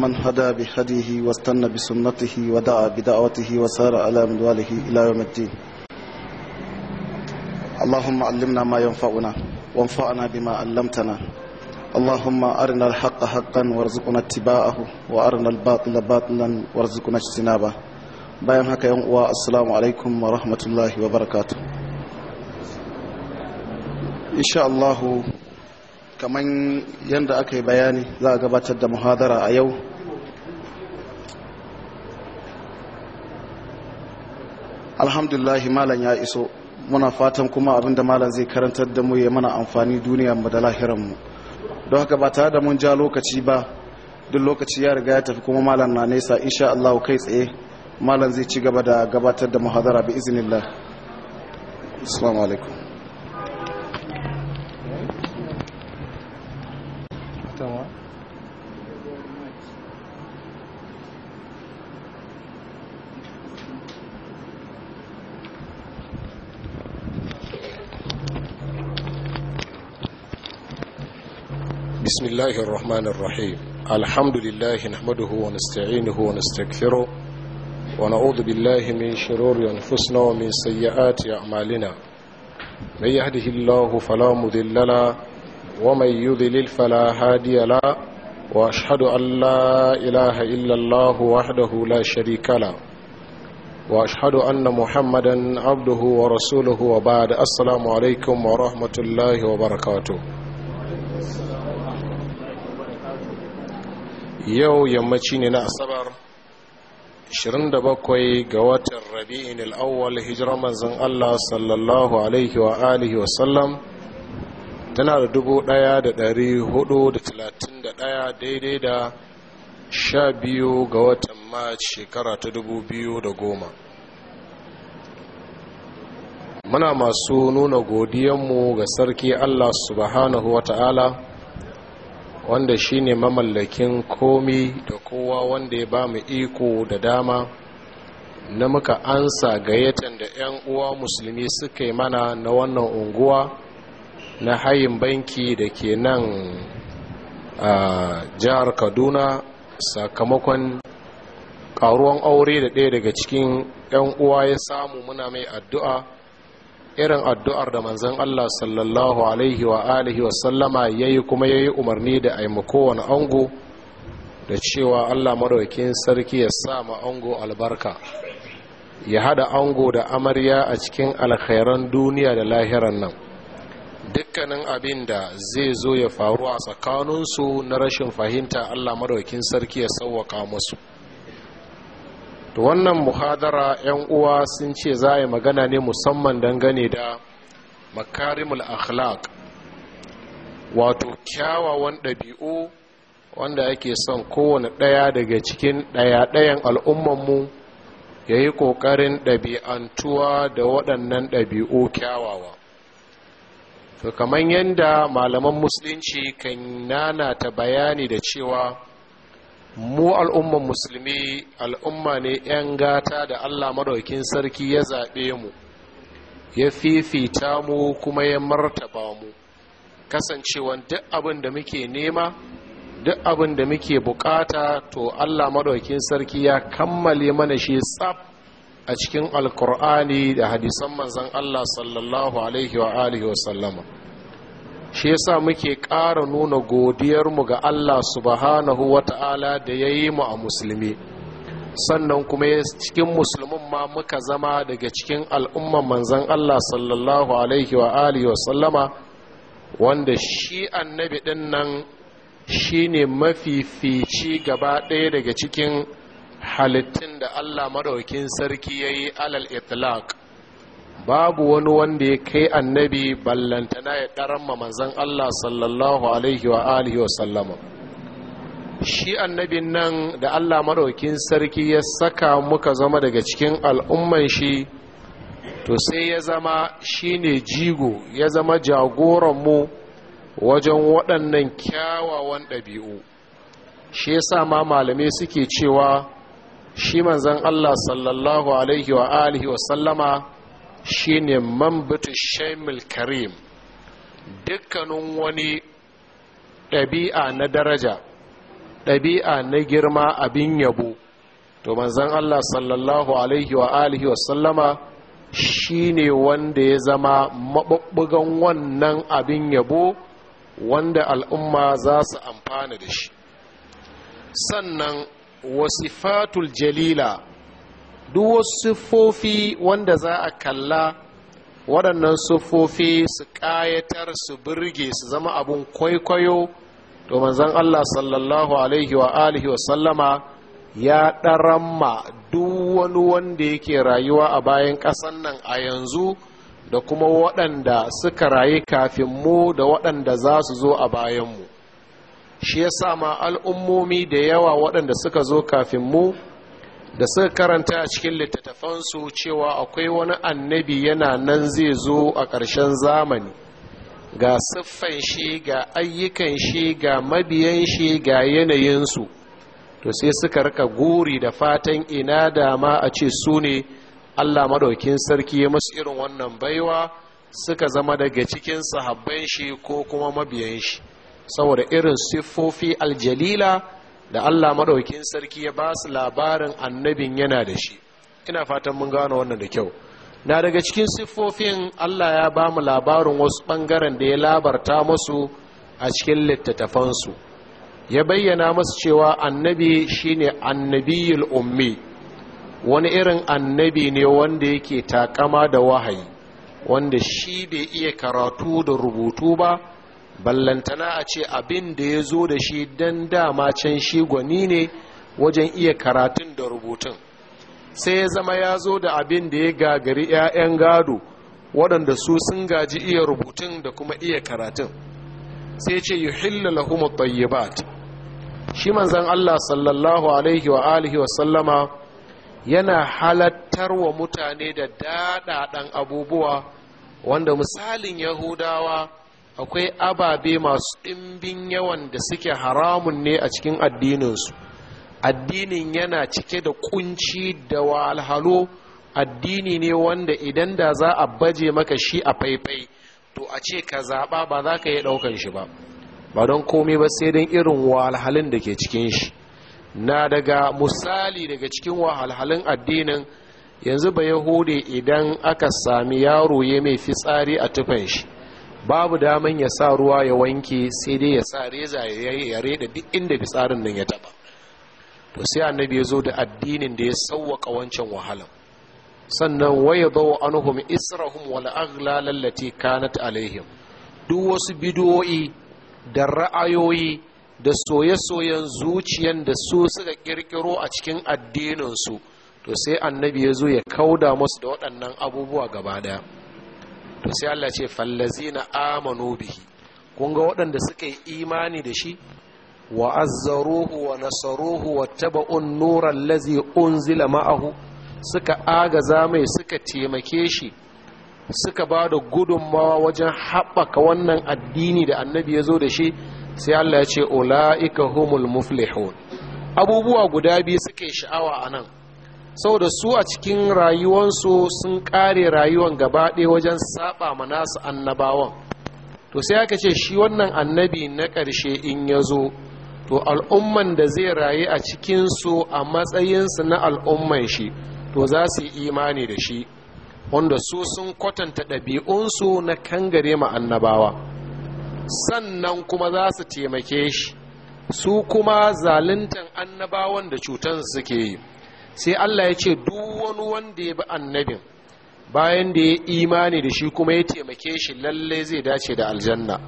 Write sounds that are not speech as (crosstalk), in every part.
ومن هدى بهديه واستنى بسنته ودعا بدعوته وسار على منواله إلى يوم الدين اللهم علمنا ما ينفعنا وانفعنا بما علمتنا اللهم أرنا الحق حقا وارزقنا اتباعه وأرنا الباطل باطلا وارزقنا اجتنابه bayan haka yan uwa assalamu alaikum wa rahmatullahi wa barakatu insha Allahu kaman yadda aka yi bayani za a gabatar da muhadara a yau alhamdulillahi malam ya iso muna fatan kuma abinda malam zai karantar da mu ya mana amfani duniya mu da lahiran mu don haka ba tare da mun ja lokaci ba duk lokaci ya riga ya tafi kuma malam na nesa insha Allah kai tsaye malam zai ci gaba da gabatar da muhadara bi iznillah assalamu alaikum بسم الله الرحمن الرحيم الحمد لله نحمده ونستعينه ونستغفره ونعوذ بالله من شرور أنفسنا ومن سيئات أعمالنا من يهده الله فلا مذل له ومن يذلل فلا هادي له وأشهد أن لا إله إلا الله وحده لا شريك له وأشهد أن محمدا عبده ورسوله وبعد السلام عليكم ورحمة الله وبركاته yau yammaci ne na asabar 27 ga watan rabi'in al'awwal hijirar manzan Allah sallallahu alaihi wa alihi wa sallam tana da 1431 daidai da 12 ga watan maci shekara ta da goma. muna masu nuna godiyanmu ga sarki Allah subhanahu wa ta'ala wanda shi ne mamallakin komi da kowa wanda ya ba mu iko da dama na muka ansa gayyatan da 'yan uwa musulmi suka yi mana na wannan unguwa na hayin banki da ke nan a jihar kaduna sakamakon karuwan aure da ɗaya daga cikin 'yan uwa ya samu muna mai addu'a irin addu'ar da manzon Allah sallallahu alaihi wa alihi wa sallama ya yi kuma ya yi umarni da aima kowane ango da cewa Allah madaukin sarki ya sa ma ango albarka ya hada ango da amarya a cikin alkhairan duniya da lahiran nan dukkanin abin da zai zo ya faru a tsakaninsu na rashin fahimta Allah madaukin sarki ya sauwaka musu to wannan muhadara 'yan uwa sun ce za a yi magana ne musamman dangane da makarimul akhlaq wato kyawawan ɗabi'u wanda ake son kowane ɗaya daga cikin ɗaya-ɗayan al'ummanmu ya yi ƙoƙarin ɗabi'antuwa da waɗannan ɗabi'u kyawawa to kamar yadda malaman musulunci kan nana ta bayani da cewa mu al'umman musulmi al'umma ne 'yan gata da allah maɗaukin sarki ya zaɓe mu ya fifita mu kuma ya martaba mu kasancewan duk abin da muke nema duk abin da muke bukata to allah maɗaukin sarki ya kammale mana shi tsab a cikin alkur'ani da hadisan manzan allah sallallahu alaihi wa alihi wa sallama shi yasa muke ƙara nuna godiyarmu ga Allah subhanahu wata'ala da ya yi mu a musulmi sannan kuma cikin musulmin ma muka zama daga cikin al'umma manzan Allah sallallahu alaihi wa alihi wa sallama wanda shi annabi ɗin nan shi ne mafifici gaba ɗaya daga cikin halittun da Allah maɗaukin sarki ya yi alal itlaq babu wani wanda ya kai annabi ballantana ya ɗaramma manzan Allah sallallahu alaihi wa alihi wa sallama shi annabin nan da Allah maɗaukin sarki ya saka muka zama daga cikin al'umman shi to sai ya zama shi ne jigo ya zama jagoran mu wajen waɗannan kyawawan ɗabi'u shi yasa ma malamai suke cewa shi manzan Allah sallallahu alaihi wa alihi wa sallama shine mambatu shaimul karim dukkanin wani ɗabi'a na daraja ɗabi'a na girma abin yabo to manzan Allah sallallahu alaihi wa alihi wa sallama shine wanda ya zama maɓuɓɓugan wannan abin yabo wanda al'umma za su amfana da shi sannan wasifatul jalila duk wasu siffofi wanda za a kalla waɗannan siffofi su ƙayatar su birge su zama abin kwaikwayo to manzon Allah sallallahu alaihi wa alihi wa sallama ya ɗaramma duk wani wanda yake rayuwa a bayan ƙasan nan a yanzu da kuma waɗanda suka rayu kafin mu da waɗanda za su zo a bayanmu shi ya sa ma al'ummomi da yawa waɗanda suka zo kafin mu da suka karanta a cikin littattafansu cewa akwai wani annabi yana nan zai zo a ƙarshen zamani ga siffan shi ga ayyukan shi ga mabiyan shi ga yanayinsu to sai suka rika guri da fatan ina da ma a ce su ne allah maɗaukin sarki ya musu irin wannan baiwa suka zama daga cikin sahabban shi ko kuma mabiyan shi saboda irin siffofi aljalila da Allah madaukin sarki ya ba su labarin annabin yana da shi ina fatan mun gano wannan da kyau na daga cikin siffofin Allah ya ba mu labarin wasu ɓangaren da ya labarta musu a cikin littattafansu ya bayyana musu cewa annabi shine annabiyul ummi wani irin annabi ne wanda yake takama da wahayi wanda shi bai iya karatu da rubutu ba ballantana a ce abin da ya zo da shi don dama can shi gwani ne wajen iya karatun da rubutun sai ya zama ya zo da abin da ya gagari 'ya'yan gado waɗanda su sun gaji iya rubutun da kuma iya karatun sai ce yi hillala humu tayyibat shi manzan Allah sallallahu alaihi wa alihi wa sallama yana halattar wa mutane da daɗaɗan abubuwa wanda misalin yahudawa akwai ababe masu ɗimbin yawan da suke haramun ne a cikin addininsu addinin yana cike da kunci da walhalo addini ne wanda idan da za a baje maka shi a faifai to a ce ka zaɓa ba za ka yi ɗaukan shi ba ba don komai ba sai don irin walhalin da ke cikin shi na daga misali daga cikin wahalhalin addinin yanzu ba yahude idan aka sami yaro ya mai fitsari a tufan shi babu daman ya sa ruwa ya wanke sai dai ya sa reza ya reda duk inda fitsarin nan ya taba to sai annabi ya zo da addinin da ya sauwaka wancan wahala sannan waya bawa anhum israhum wal aghlal allati kanat alaihim duk wasu bidoyi da ra'ayoyi da soye-soyen zuciyan da su suka kirkiro a cikin addininsu to sai annabi ya zo ya kauda musu da waɗannan abubuwa gaba ɗaya to sai Allah ce fallazina amanu bihi kun ga waɗanda suka yi imani da shi wa azzaruhu wa nasaruhu wa taba'un nuran lazi unzila ma'ahu suka agaza mai suka taimake shi suka ba da gudunmawa wajen haɓaka wannan addini da annabi ya zo da shi sai Allah ya ce ula'ika humul muflihun abubuwa guda biyu suke sha'awa a nan saboda su a cikin rayuwansu sun kare rayuwan gaba ɗaya wajen saba ma nasu annabawan to sai aka ce shi wannan annabi na ƙarshe in ya zo to al'umman da zai rayu a cikinsu a matsayinsu na al'umman shi to za su yi imani da shi wanda su sun kwatanta ɗabi'unsu na kangare ma annabawa sannan kuma za su taimake shi su kuma zaluntan annabawan da cutansu suke yi sai Allah ya ce duk wani wanda ya bi annabin bayan da ya imani da shi kuma ya taimake shi lalle zai dace da aljanna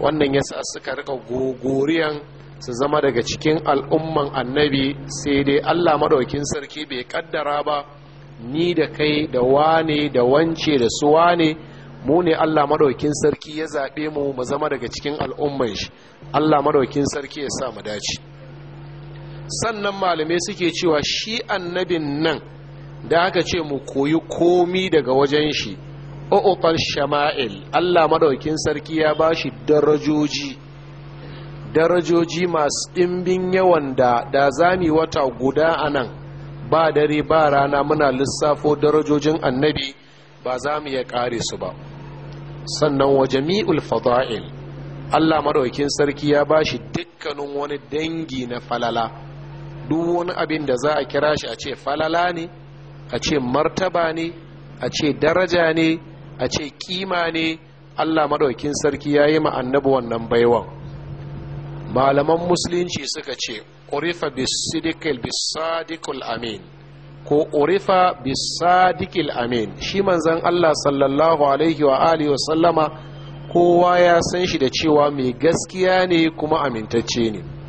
wannan ya sa suka rika gogoriyan su zama daga cikin al'umman annabi sai dai Allah madaukin sarki bai kaddara ba ni da kai da wane da wance da su wane mu ne Allah madaukin sarki ya zaɓe mu mu zama daga cikin al'umman shi Allah madaukin sarki ya sa mu dace sannan malamai suke cewa shi annabin nan da aka ce mu koyi komi daga wajen shi ƙoƙon shama'il allah maɗaukin sarki ya ba shi darajoji darajoji masu ɗimbin yawan da da zami wata guda a nan ba dare ba rana muna lissafo darajojin annabi ba za mu iya ƙare su ba sannan wa jami'ul fada'il allah maɗaukin sarki ya ba shi dukkanin wani dangi na falala duk wani abin da za a kira shi a ce falala ne a ce martaba ne a ce daraja ne a ce kima ne allah maɗaukin sarki ya yi annabi wannan baiwan malaman musulunci suka ce urifa bisidikil bisadikul amin ko urifa bisadikil amin shi manzan allah sallallahu alaihi wa alihi wa kowa ya san shi da cewa mai gaskiya ne kuma amintacce ne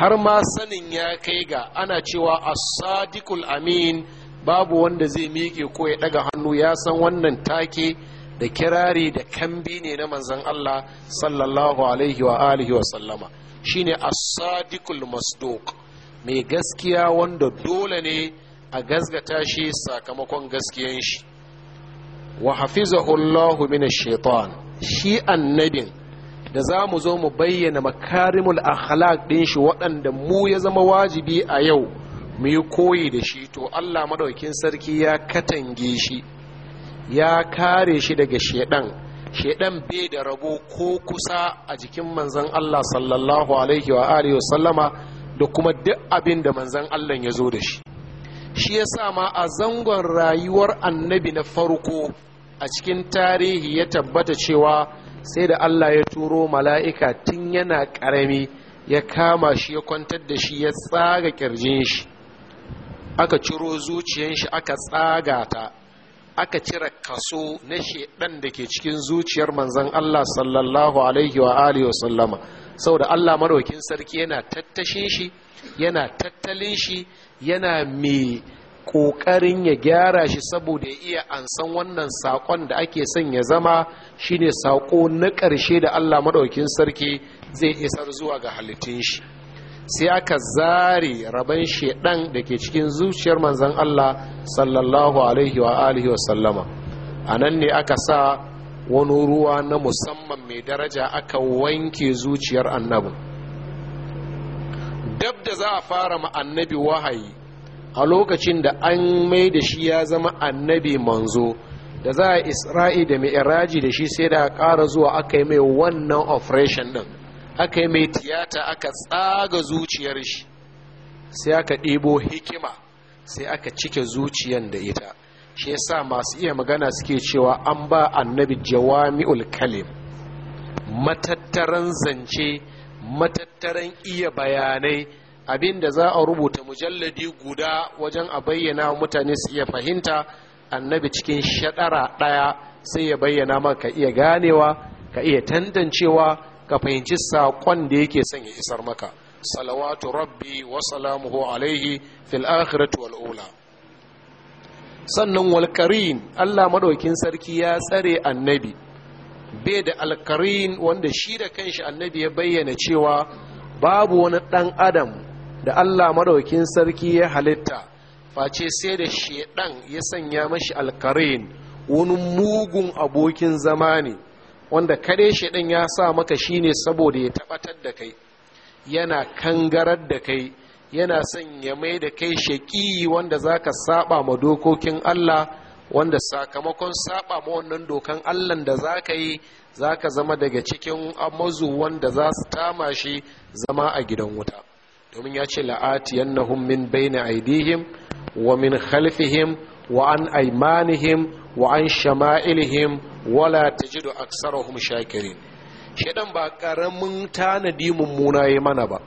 har ma sanin ya kai ga ana cewa asadikul sadiqul amin babu wanda zai miƙe ko ya ɗaga hannu ya san wannan take da kirari da kambi ne na manzon Allah sallallahu alaihi wa alihi wa sallama shine as-sadiqul masduq mai gaskiya wanda dole ne a gasgata shi sakamakon gaskiyan shi wa hafizahu Allahu min shaitan shi annabin da za mu zo mu bayyana makarimul akhlaq din shi waɗanda mu ya zama wajibi a yau mu yi koyi da shi to Allah madaukin sarki ya katange shi ya kare shi daga shedan shedan bai da rabo ko kusa a jikin manzon Allah sallallahu alaihi wa alihi wasallama da kuma duk abin da manzon Allah ya zo da shi shi yasa ma a zangon rayuwar annabi na farko a cikin tarihi ya tabbata cewa sai da Allah ya turo mala'ika tun yana ƙarami ya kama shi ya kwantar da shi ya tsaga ƙirjin shi aka ciro zuciyan shi aka tsaga ta aka cire kaso na shaɗan da ke cikin zuciyar manzon Allah sallallahu alaihi wa alihi wasallama saboda Allah madaukin sarki yana tattashin shi yana tattalin shi yana mai ƙoƙarin ya gyara shi saboda ya iya ansan wannan saƙon da ake son ya zama shine saƙo na ƙarshe da Allah maɗaukin sarki zai isar zuwa ga halittun shi sai aka zare rabon shaidan da ke cikin zuciyar manzan Allah sallallahu alaihi wa alihi wa sallama a nan ne aka sa wani ruwa na musamman mai daraja aka wanke zuciyar annabin dab da za a fara ma annabi wahayi a lokacin da an mai da shi ya zama annabi manzo da za a isra'i da iraji da shi sai da a ƙara zuwa aka yi mai wannan operation din, aka yi mai tiyata aka tsaga zuciyar shi sai aka ɗibo hikima sai aka cike zuciyan da ita shi yasa masu iya magana suke cewa an ba annabi jawami'ul kalim matattaran zance matattaran iya bayanai abin da za a rubuta mujalladi guda wajen a bayyana mutane su iya fahimta annabi cikin shaɗara ɗaya sai ya bayyana maka iya ganewa ka iya tantancewa ka fahimci saƙon da yake son ya isar maka salawatu rabbi wa salamuhu alaihi fil akhirati wal ula sannan wal karim Allah madaukin sarki ya tsare annabi bai da alkarin wanda shi da kanshi annabi ya bayyana cewa babu wani ɗan adam da Allah maɗaukin sarki ya halitta face sai da shedan ya sanya mashi alkarin wani mugun abokin zama ne wanda kare shedan ya sa maka shi ne saboda ya tabbatar da kai yana kangarar da kai yana son ya mai da kai shaƙi wanda za ka saba ma dokokin Allah wanda sakamakon saba ma wannan dokan Allah da za ka yi za ka zama daga cikin amazu wanda za su tama shi zama a gidan wuta domin ya ce la'ati la'atiyannahum min na aidihim, wa min khalfihim wa an aimanihim wa an shama'ilihim wala tajidu aksarahum shakirin shedan ba karamin tanadi mummuna yi mana ba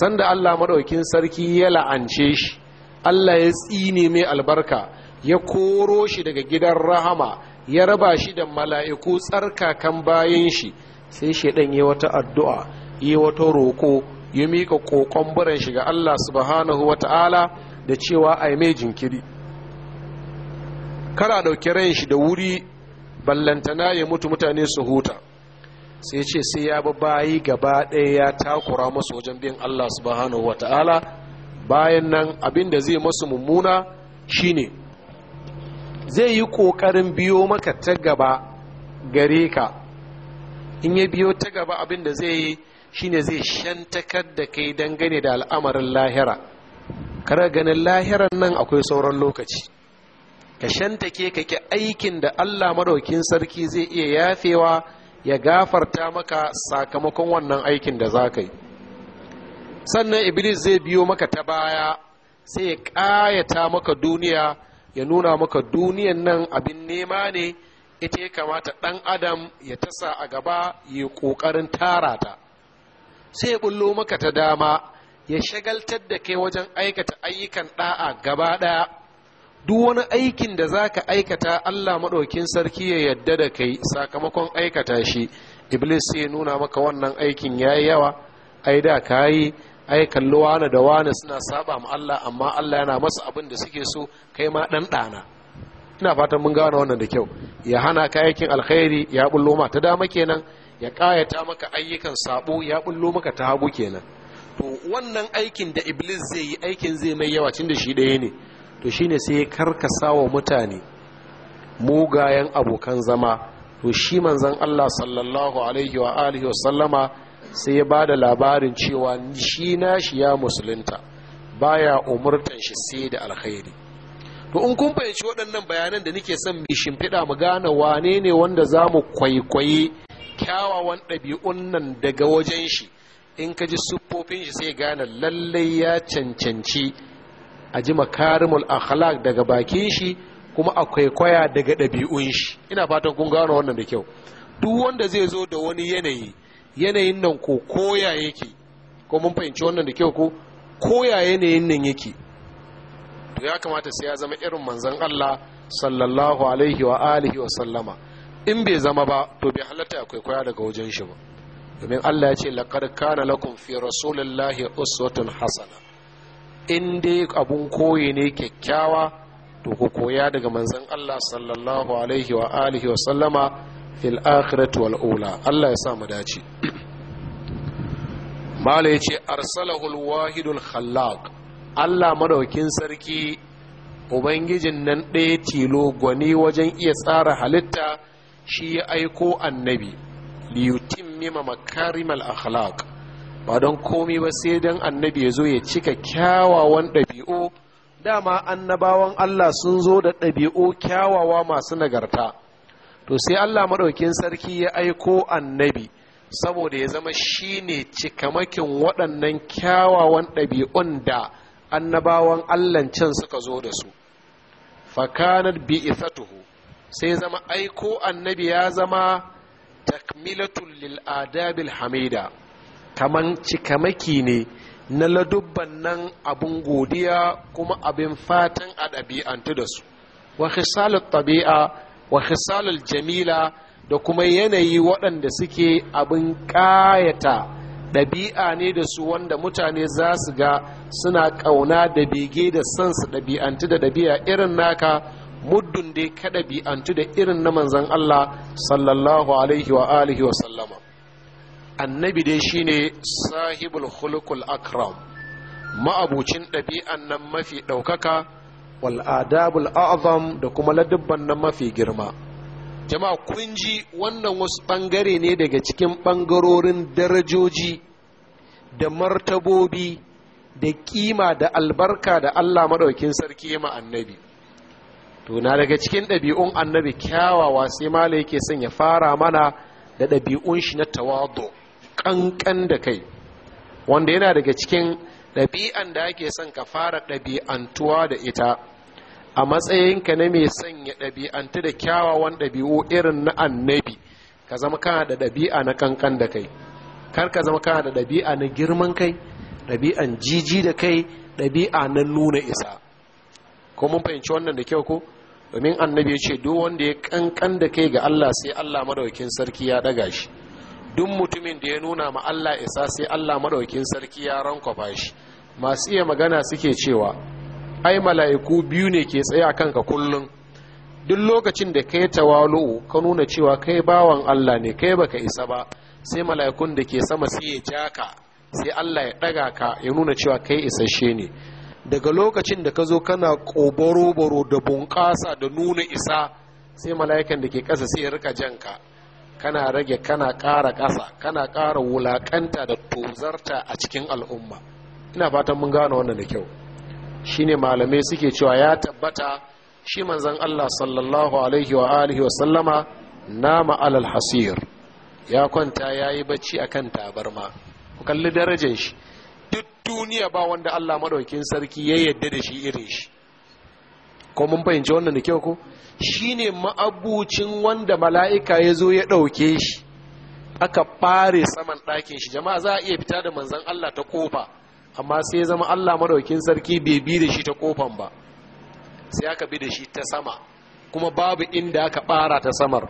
sanda Allah madaukin sarki ya la'ance shi Allah ya tsine mai albarka ya koro shi daga gidan rahama ya raba shi da mala'iku tsarkakan bayan shi sai shedan yi wata addu'a yi wata roko ya mika kokon buran shi ga Allah subhanahu ta'ala da cewa a yi mai jinkiri kara ɗauki ran shi da wuri ballantana ya mutu mutane su huta sai ce sai ya bi bayi gaba ɗaya ya takura masu wajen bin Allah subhanahu ta'ala bayan nan abin da zai masu mummuna shine zai yi ƙoƙarin biyo maka ta gaba gare ka in ya biyo ta gaba abin da zai yi shine zai shantakar da kai dangane da al'amarin lahira kare ganin lahiran nan akwai sauran lokaci ka shantake ka ki aikin da Allah maɗaukin sarki zai iya yafewa ya gafarta maka sakamakon wannan aikin da za ka yi sannan iblis zai biyo maka ta baya sai ya ƙayata maka duniya ya nuna maka duniyan nan abin nema ne ita ya kamata ɗan adam ya tasa a gaba ya ƙoƙarin tara ta sai bullo maka ta dama ya shagaltar da kai wajen aikata ayyukan da'a gaba ɗaya duk wani aikin da zaka aikata allah maɗaukin sarki ya yadda da kai sakamakon aikata shi iblis sai nuna maka wannan aikin ya yi yawa ai da ka yi ai kalli wani da wani suna saba ma allah amma allah yana masa abin da suke so kai ma ɗan ɗana ina fatan mun gane wannan da kyau ya hana ka aikin alkhairi ya bullo ma ta dama kenan ya kayata maka ayyukan sabo ya bullo maka ta hagu kenan to wannan aikin da iblis zai yi aikin zai mai yawa cin da shi ɗaya ne to shine sai ya karkasa wa mutane mugayen abokan zama to shi manzon Allah sallallahu alaihi wa alihi wa sallama sai ya bada labarin cewa shi nashi ya musulunta baya umurtan shi sai da alkhairi to in kun fahimci waɗannan bayanan da nake son mai shimfiɗa mu gane wane ne wanda za mu kwaikwaye. kyawawan ɗabi'un nan daga wajen shi in ka ji siffofin shi sai gane lallai ya cancanci a ji makarimul akhlaq daga bakin shi kuma akwai kwaikwaya daga ɗabi'un shi ina fatan kun gano wannan da kyau duk wanda zai zo da wani yanayi yanayin nan ko koya yake ko mun fahimci wannan da kyau ko koya yanayin nan yake to ya kamata sai ya zama irin manzon Allah sallallahu alaihi wa alihi wa sallama in bai zama ba to bai halatta ya kwaikwaya daga wajen shi ba domin Allah ya ce laqad kana lakum fi rasulillahi uswatun hasana in dai abun koyi ne kyakkyawa to ku koya daga manzon Allah sallallahu alaihi wa alihi wa sallama fil akhirati wal ula Allah ya sa mu dace (clears throat) mala ya ce arsalahu wahidul khallaq Allah madaukin sarki ubangijin nan ɗaya tilo gwani wajen iya tsara halitta shi ya aiko annabi liyutin mima makarimal akhlaq ba don komi ba sai don annabi ya zo ya cika kyawawan ɗabi'u dama annabawan Allah sun zo da ɗabi'u kyawawa masu nagarta to sai Allah maɗaukin sarki ya aiko annabi saboda ya zama shi ne cikamakin waɗannan kyawawan ɗabi'un da annabawan Allah can suka zo da su Fakanar bi sai zama aiko annabi ya zama takmilatul lil adabil hamida kaman cikamaki ne na ladubban nan abin godiya kuma abin fatan a ɗabi'antu da su wa khisalul tabi'a wa khisalul jamila da kuma yanayi waɗanda suke abin ƙayata ɗabi'a ne da su wanda mutane za su ga suna ƙauna da bege da son su ɗabi'antu da ɗabi'a irin naka muddin dai kada bi'antu da irin na manzan Allah sallallahu alaihi wa alihi wa sallama annabi dai shine sahibul khuluqul akram ma'abucin ɗabi'an nan mafi ɗaukaka wal'adabul adabul a'zam da kuma ladubban nan mafi girma jama'a kun ji wannan wasu ɓangare ne daga cikin ɓangarorin darajoji da martabobi da kima da albarka da Allah maɗaukin sarki ma annabi to daga cikin ɗabi'un annabi kyawawa sai mala yake son ya fara mana da ɗabi'un shi na tawado ƙanƙan da kai wanda yana daga cikin ɗabi'an da ake son ka fara ɗabi'antuwa da ita a matsayinka na mai sanya ɗabi'antu da kyawawan ɗabi'u irin na annabi ka zama kana da ɗabi'a na ƙanƙan da kai kar ka zama kana da ɗabi'a na girman kai ɗabi'an jiji da kai ɗabi'a na nuna isa ko mun fahimci wannan da kyau ko domin annabi ya ce duk wanda ya kankan da kai ga Allah sai Allah madaukin sarki ya daga shi duk mutumin da ya nuna ma Allah isa sai Allah maɗaukin sarki ya ba shi masu iya magana suke cewa ai mala'iku biyu ne ke tsaye a kanka kullun duk lokacin da kai tawalu ka nuna cewa kai bawan Allah ne kai baka isa ba sai mala'ikun da ke sama sai ya ja ka sai Allah ya daga ka ya nuna cewa kai isasshe ne daga lokacin da ka zo kana ƙobaro-baro da bunƙasa da nuna isa sai mala'ikan da ke ƙasa sai rika janka kana rage kana ƙara ƙasa kana ƙara wulaƙanta da tozarta a cikin al'umma ina fatan mun gane wannan da kyau shine malamai suke cewa ya tabbata shi manzon Allah sallallahu alaihi wa alihi wa sallama nama alal hasir ya kwanta yayi bacci kan tabarma ku kalli darajar shi duk duniya ba wanda Allah madaukin sarki ya yadda da shi irin shi ko mun fahimci wannan da kyau ko shine ma'abucin wanda mala'ika ya zo ya ɗauke shi aka fare saman ɗakin shi jama'a za a iya fita da manzan Allah ta kofa amma sai ya zama Allah madaukin sarki bai bi da shi ta ƙofan ba sai aka bi da shi ta sama kuma babu inda aka ɓara ta samar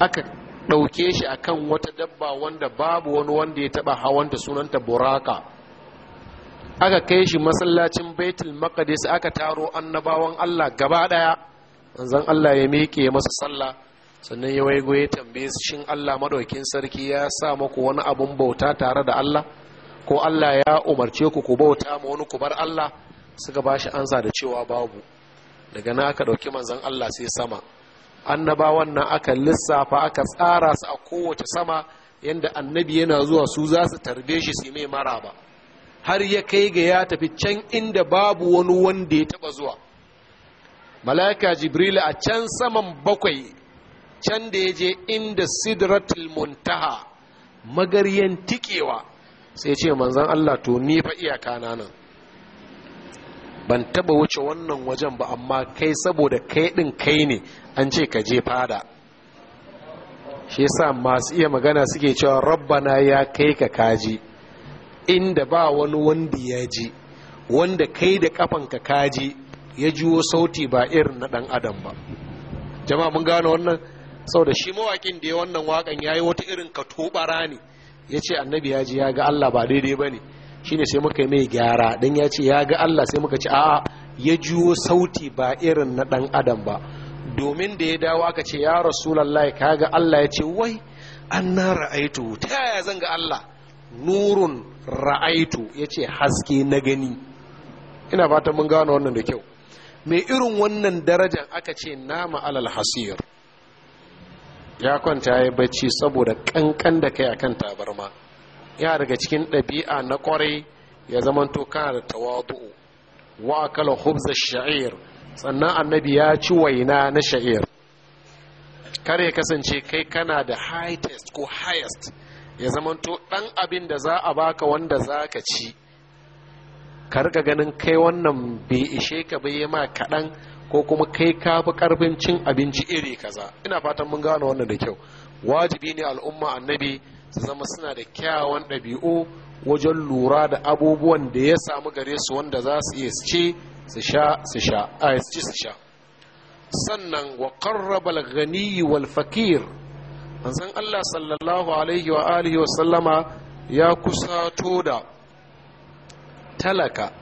aka ɗauke shi a kan wata dabba wanda babu wani wanda ya taɓa hawanta sunanta buraka aka kai shi masallacin baitul maqdis aka taro annabawan Allah gaba ɗaya zan Allah ya miƙe masa sallah sannan ya waigo ya tambaye su shin Allah maɗaukin sarki ya sa muku wani abun bauta tare da Allah ko Allah ya umarce ku ku bauta ma wani ku bar Allah suka ba shi ansa da cewa babu daga na aka ɗauki manzan Allah sai sama annabawan nan aka lissafa aka tsara su a kowace sama yadda annabi yana zuwa su za su tarbe shi su mai mara ba. har ya kai ga ya tafi can inda babu wani wanda ya taba zuwa mala'ika jibril a can saman bakwai can da ya je inda sidratul muntaha magaryan tikewa sai ce manzan Allah to ni fa iyaka nan ban taba wuce wannan wajen ba amma kai saboda kai din kai ne an ce ka je fada shi yasa masu iya magana suke cewa rabbana ya kai ka kaji inda ba wani wanda ya ji wanda kai da kafanka kaji ya juwo sauti ba irin na dan adam ba jama'a mun gano wannan saboda shi mawakin da ya wannan wakan yi wata irin ka katobara ne ce annabi ya ji ya ga Allah ba daidai ba ne. shine sai muka yi mai gyara dan ya ce ya ga Allah sai muka ce a'a ya juwo sauti ba irin na ɗan adam ba domin da ya dawo aka ce ya rasulullahi ga Allah ya ce wai an na ra'aitu ta yaya zan ga Allah nurun ra'aitu ya ce haske na gani ina fata mun gano wannan da kyau mai irin wannan darajar aka ce nama alal hasir ya kwanta ya bacci saboda kankan da kai akan tabarma Yana daga cikin ɗabi'a na ƙwarai ya zamanto kana da tawadu wa akala khubza sha'ir sannan annabi ya ci waina na sha'ir kar ya kasance kai kana da highest ko highest ya zamanto ɗan abin da za a baka wanda za ka ci ka riga ganin kai wannan bai ishe ka bai ma kaɗan ko kuma kai ka fi ƙarfin cin abinci iri kaza ina fatan mun gano wannan da kyau wajibi ne al'umma annabi su zama suna da kyawawan ɗabi'u wajen lura da abubuwan da ya samu gare su wanda za su iya ce su sha su sha a ci su sha sannan wa qarraba al-ghani wal fakir manzon Allah sallallahu alaihi wa alihi wa sallama ya kusato da talaka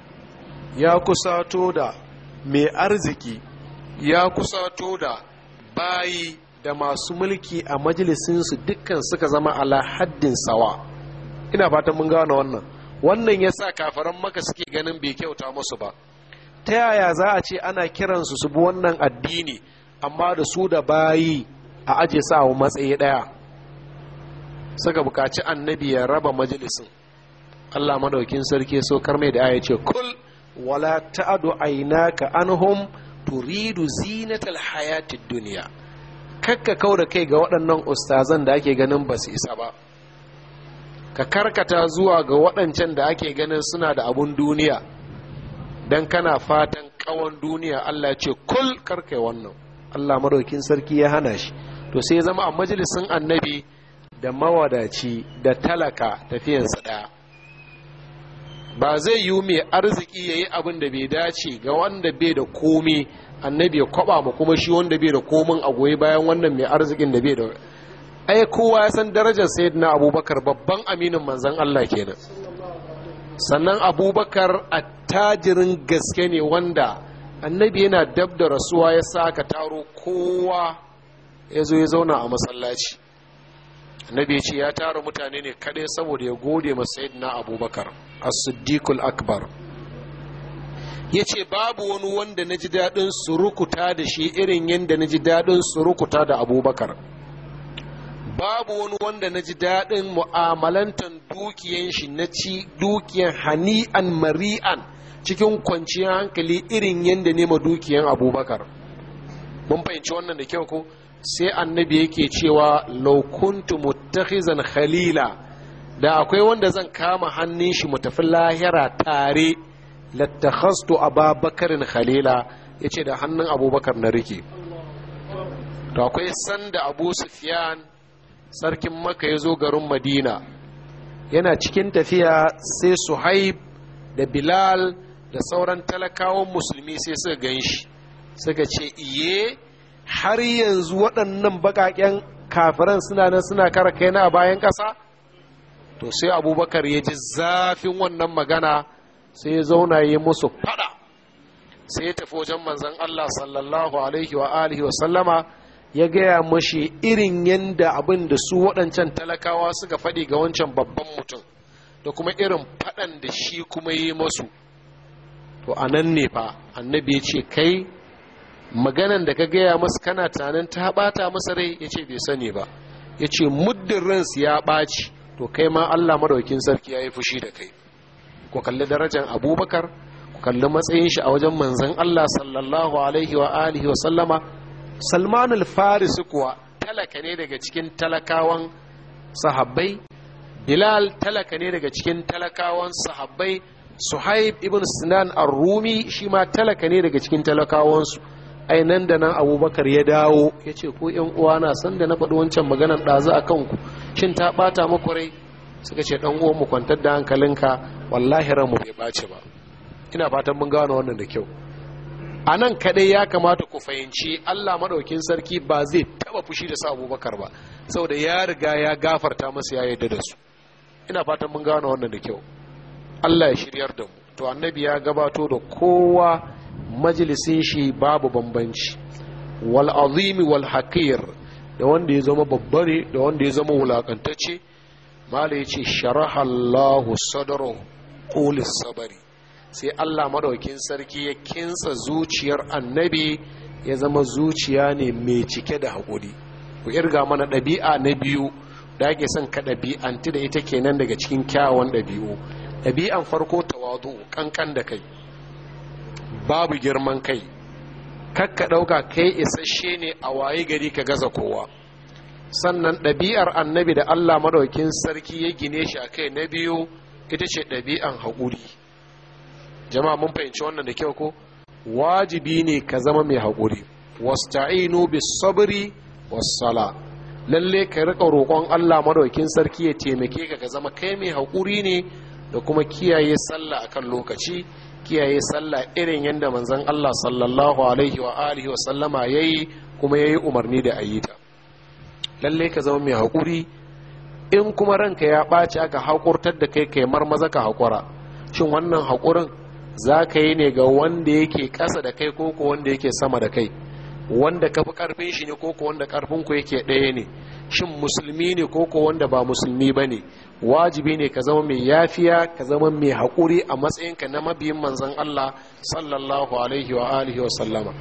ya kusato da mai arziki ya kusato da bayi da masu mulki a majalisinsu dukkan suka zama ala haddin sawa ina fatan mun gane wannan wannan ya sa kafaran maka suke ganin bai kyauta musu ba ta yaya za a ce ana kiransu su bi wannan addini amma da su da bayi a aje sa a matsayi ɗaya suka bukaci annabi ya raba majalisin allah madaukin sarki so mai da aya ce kul wala ta'adu ainaka anhum turidu zinatal hayatid duniya kakka kau da kai ga waɗannan ustazan da ake ganin ba su isa ba ka karkata zuwa ga waɗancan da ake ganin suna da abun duniya don kana fatan kawan duniya Allah ce kul karkai wannan Allah maraukin sarki ya hana shi to sai zama a majalisun annabi da mawadaci da talaka tafiyansa ɗaya ba zai yi mai arziki ya yi abin da bai dace ga wanda bai da komi annabi ya kwaba ma kuma shi wanda bai da komin a goyi bayan wannan mai arzikin da bai da ai kowa ya san darajar sayyidina abubakar babban aminin manzan Allah kenan sannan abubakar attajirin gaske ne wanda annabi yana dab da rasuwa ya sa ka taro kowa ya zo ya zauna a masallaci annabi ya ce ya tara mutane ne kadai saboda ya gode ma sayyidina abubakar as-siddiqul akbar ya ce babu wani wanda na ji daɗin surukuta da shi irin yadda na ji daɗin surukuta da abubakar babu wani wanda na ji daɗin mu'amalantar dukiyan shi na ci dukiyan hani'an mari'an cikin kwanciyar hankali irin yadda nema dukiyan abubakar mun fahimci wannan da kyau ko sai annabi yake cewa laukuntu muttakhizan khalila da akwai wanda zan kama hannun shi mu tafi lahira tare lattakhastu Abubakar khalila ya ce da hannun abubakar na rike to akwai sanda abu sufyan sarkin maka ya zo garin madina yana cikin tafiya sai suhaib da bilal da sauran talakawan musulmi sai suka gan shi suka ce iye har yanzu waɗannan baƙaƙen kafiran suna nan suna kara kai na bayan ƙasa to sai abubakar ya ji zafin wannan magana sai ya zauna yi musu fada sai ya tafi wajen manzan Allah sallallahu alaihi wa alihi wa sallama ya gaya mashi irin yadda abin da su waɗancan talakawa suka faɗi ga wancan babban mutum da kuma irin faɗan da shi kuma yi masu to a nan ne fa annabi ya ce kai maganan da ka gaya masu kana tunanin ta ɓata masa rai ya ce bai sani ba ya ce muddin ransu ya ɓaci to kai ma allah madaukin sarki ya yi fushi da kai ku kalli darajar abubakar ku kalli matsayin shi a wajen manzan allah sallallahu alaihi wa alihi wa sallama salman al-farisi kuwa talaka ne daga cikin talakawan sahabbai bilal talaka ne daga cikin talakawan sahabbai suhaib ibn sinan ar-rumi shi ma talaka ne daga cikin talakawansu ai nan da nan abubakar ya dawo ya ce ko yan na san da na faɗi wancan maganar ɗazu a kanku shin ta ɓata maku rai suka ce dan uwan mu kwantar da hankalinka wallahi ran mu bai bace ba ina fatan mun gano wannan da kyau a nan kadai ya kamata ku fahimci Allah madaukin sarki ba zai taba fushi da sa Abubakar ba saboda ya riga ya gafarta masa ya yarda da su ina fatan mun gano wannan da kyau Allah ya shiryar da mu to annabi ya gabato da kowa majalisin shi babu bambanci wal azimi wal hakir da wanda ya zama babbare da wanda ya zama wulakantacce bala ya ce sharahallahu sadarun kulis sabari sai allah maɗaukin sarki ya kinsa zuciyar annabi ya zama zuciya ne mai cike da haƙuri ku irga mana ɗabi'a na biyu da ake son ka ɗabi'anti da ita kenan daga cikin kyawawan ɗabi'u ɗabi'an farko tawadu ƙanƙan da kai babu girman kai kakka ɗauka kai isasshe ne a waye gari ka gaza kowa sannan ɗabi'ar annabi da Allah maɗaukin sarki ya gine shi a kai na biyu ita ce ɗabi'an haƙuri jama'a mun fahimci wannan da kyau ko wajibi ne ka zama mai haƙuri wasta'inu bi sabri wasu sala lalle ka riƙa roƙon Allah maɗaukin sarki ya taimake ka ka zama kai mai haƙuri ne da kuma kiyaye sallah akan lokaci kiyaye sallah irin yadda manzon Allah sallallahu alaihi wa alihi wa sallama yayi kuma yayi umarni da ayyuka lalle ka zama mai haƙuri in kuma ranka ya ɓaci aka haƙurtar da kai kai marmaza ka haƙura shin wannan haƙurin za ka yi ne ga wanda yake ƙasa da kai ko ko wanda yake sama da kai wanda ka fi ƙarfin shi ne ko ko wanda ƙarfin ku yake ɗaya ne shin musulmi ne ko ko wanda ba musulmi ba ne wajibi ne ka zama mai yafiya ka zama mai haƙuri a matsayinka na mabiyin manzon Allah sallallahu alaihi wa alihi wa sallama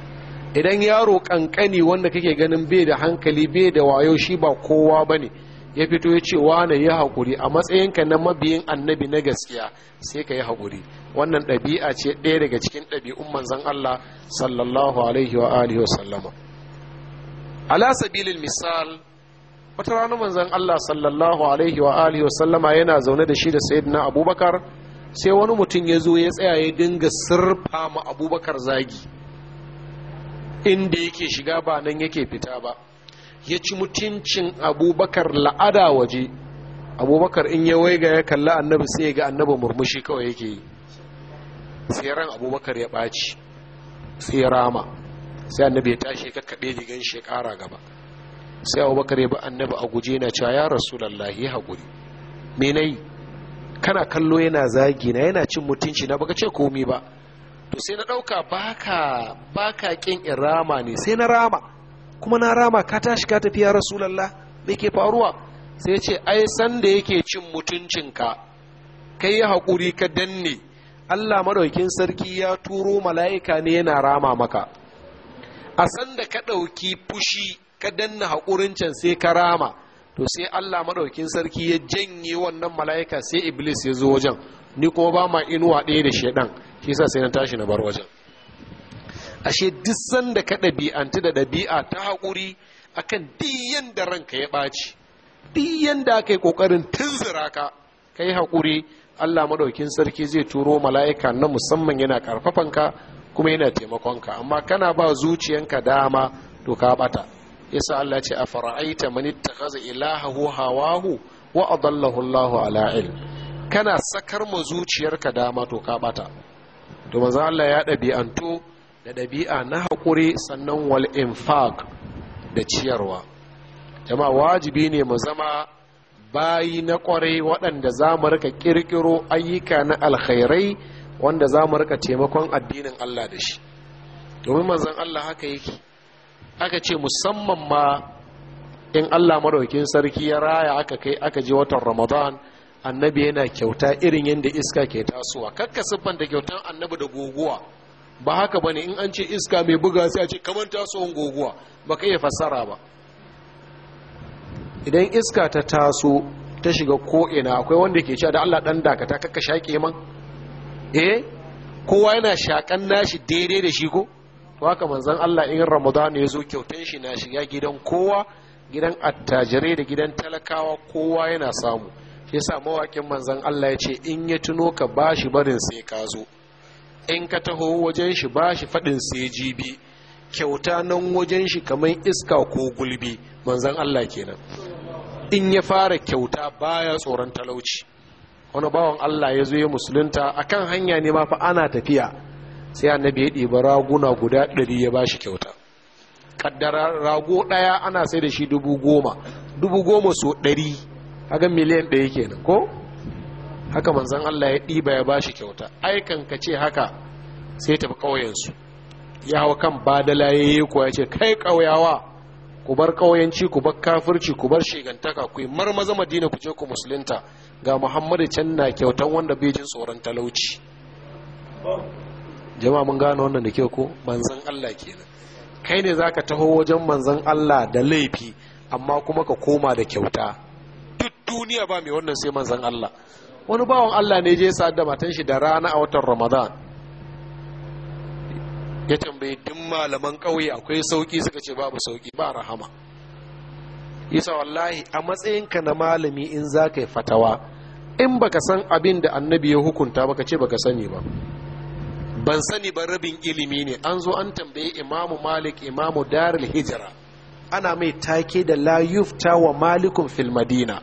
idan yaro kankani wanda kake ganin bai da hankali bai da wayo shi ba kowa ba ne ya fito ya ce wane ya haƙuri a matsayinka na mabiyin annabi na gaskiya sai ka yi haƙuri wannan ɗabi'a ce ɗaya daga cikin ɗabi'un manzan Allah sallallahu alaihi wa alihi wa sallama ala sabilil misal wata rana manzan Allah sallallahu alaihi wa alihi wa sallama yana zaune da shi da sayyidina Abubakar sai wani mutum ya zo ya tsaya ya dinga sirfa ma Abubakar zagi inda yake shiga ba nan yake fita ba ya ci mutuncin abubakar la'ada waje abubakar in ya waiga ya kalla annabi sai ga annabi murmushi kawai yake yi sai abubakar ya ɓaci sai rama sai annabi ya tashi ka kaɗe digan shi ƙara gaba sai abubakar ya bi annabi a guje na cewa ya rasulallah ya haƙuri me na yi kana kallo yana zagi na yana cin mutunci na baka ce komi ba to sai na ɗauka baka baka ƙin irama ne sai na rama kuma na rama ka tashi ka tafiya rasulallah me ke faruwa sai ce ai san da yake cin mutuncinka kai ya haƙuri ka danne allah maɗaukin sarki ya turo mala'ika ne yana rama maka a san da ka ɗauki fushi ka danna can sai ka rama to sai allah maɗaukin sarki ya janye wannan mala'ika sai iblis ya zo wajen ni kuma ba ma inuwa ɗaya da shaidan shi sa sai na tashi na bar wajen ashe duk sanda ka ɗabi'antu da ɗabi'a ta haƙuri akan diyan da ranka ya ɓaci diyan da aka yi ƙoƙarin tunzura ka ka yi haƙuri allah maɗaukin sarki zai turo mala'ika na musamman yana ƙarfafanka kuma yana taimakonka amma kana ba zuciyanka dama to ka ɓata yasa allah ce a fara'aita mani ta kaza ilahahu hawahu wa adallahu allahu kana sakar ma zuciyarka dama to ka ɓata to maza Allah ya ɗabi'antu da ɗabi'a na haƙuri sannan wal infaq da ciyarwa jama'a wajibi ne mu zama bayi na ƙwarai waɗanda za mu rika ƙirƙiro ayyuka na alkhairai wanda za mu rika taimakon addinin Allah da shi domin manzon Allah haka yake aka ce musamman ma in Allah maɗaukin sarki ya raya aka kai aka je watan Ramadan annabi yana kyauta irin yadda iska ke tasowa kakka da kyautan annabi da goguwa ba haka bane in an ce iska mai buga sai a ce kamar tasowar goguwa ba ka iya fassara ba idan iska ta taso ta shiga ko'ina akwai wanda ke cewa da allah ɗan dakata kakka shaƙe man eh kowa yana shakan nashi daidai da shi ko to haka manzon allah in ramadan ya zo kyautan shi na shiga gidan kowa gidan attajirai da gidan talakawa kowa yana samu sa mawakin manzon Allah ya ce in ya tuno ka bashi barin sai ka zo in ka taho wajen shi bashi fadin sai jibi kyauta nan wajen shi kamar iska ko gulbi manzon Allah kenan in ya fara kyauta baya tsoron talauci wani bawan Allah ya zo ya musulunta akan hanya ne ma fa ana tafiya sai annabi ya ɗiba raguna guda ɗari ya ba shi kyauta kaddara rago ɗaya ana sai da shi dubu goma dubu goma so ɗari Haka miliyan ɗaya kenan ko haka manzan Allah ya ɗiba ya bashi kyauta aikan ka ce haka sai tafi ƙauyensu ya hau kan ba da layayi ko ya ce kai ƙauyawa ku bar ƙauyenci ku bar kafirci ku bar shigantaka ku yi marmaza madina ku je ku musulunta ga muhammadu can na kyautan wanda bai jin tsoron talauci jama'a mun gane wannan da kyau ko manzan Allah kenan kai ne zaka taho wajen manzan Allah da laifi amma kuma ka koma da kyauta duniya ba mai wannan sai manzan Allah wani bawan Allah ne je sa da matan shi da rana a watan Ramadan ya tambayi duk malaman ƙauye akwai sauki suka ce babu sauki ba rahama yasa wallahi a matsayin ka na malami in za ka yi fatawa in baka san abin da annabi ya hukunta ka ce baka sani ba ban sani ba rabin ilimi ne an zo an tambaye imamu malik imamu darul hijira ana mai take da la yufta wa malikun fil madina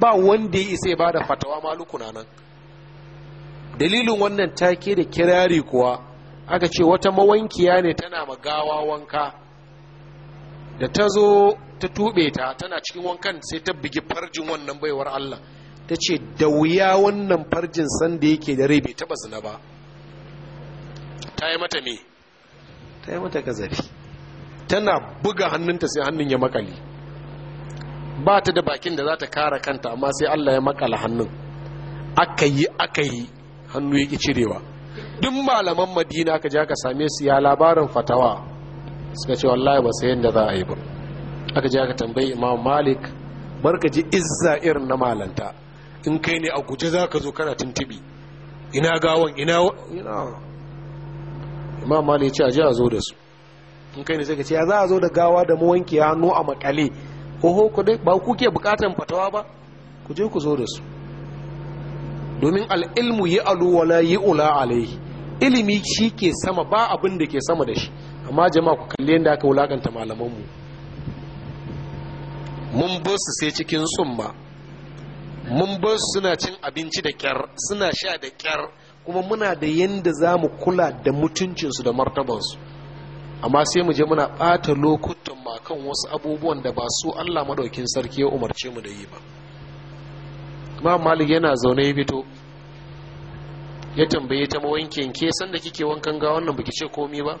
ba wanda ya isa ya da fatawa malukuna nan dalilin wannan take da kirari kuwa aka ce wata mawankiya ne tana magawa wanka da ta zo ta tube ta tana cikin wankan sai ta bugi farjin wannan baiwar Allah ta ce da wuya wannan farjin sanda yake da rai bai taba zina ba ta yi mata me ta yi mata gazari tana buga hannunta sai hannun ya makale ba ta da bakin da za ta kara kanta amma sai Allah ya makala hannun aka yi aka yi hannu ya ki cirewa duk malaman madina aka je aka same su ya labarin fatawa suka ce wallahi ba sai yadda za a yi ba aka je aka tambayi imam malik barka ji izza irin na malanta in kai ne a guje za ka zo kana tuntubi ina gawon ina ina imam malik ce a je a zo da su in kai ne sai ka ce ya za a zo da gawa da wanke hannu a makale Ko kudai ba ku ke bukatan fatawa ba ku je ku zo da su domin al'ilmu yi aluwala yi ula alai, ilimi shi ke sama ba abin da ke sama da shi amma jama'a ku kalli yadda aka wulakanta malamanmu mun bar su sai cikin tsumma mun bar su suna cin abinci da kyar suna sha da kyar kuma muna da yadda za mu kula da mutuncinsu da martabansu amma sai mu je muna ɓata lokutan ma kan wasu abubuwan da ba su allah maɗaukin sarki ya umarce mu da yi ba imam malik yana zaune ya fito ya tambaye ta mawanke ke sanda kike wankan ga wannan baki ce komi ba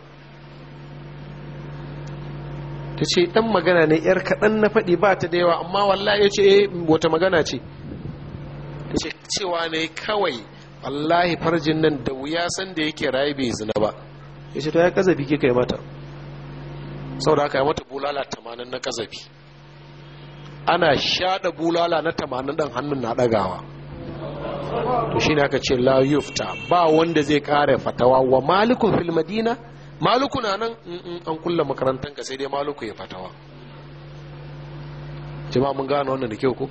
ta ce dan magana ne yar kaɗan na faɗi ba ta da yawa amma wallahi ya ce eh, wata magana ce ta ce cewa ne kawai wallahi farjin nan da wuya sanda yake raye bai zina ba ya ce to ya kazabi ke kai mata saboda haka ya mata bulala tamanin na kazabi ana shaɗa bulala na tamanin ɗan hannun na ɗagawa to shi aka ce la yufta ba wanda zai ƙara fatawa wa malikun fil madina maluku na nan an kulla makarantar ka sai dai maluku ya fatawa jima mun gano wannan da kyau ko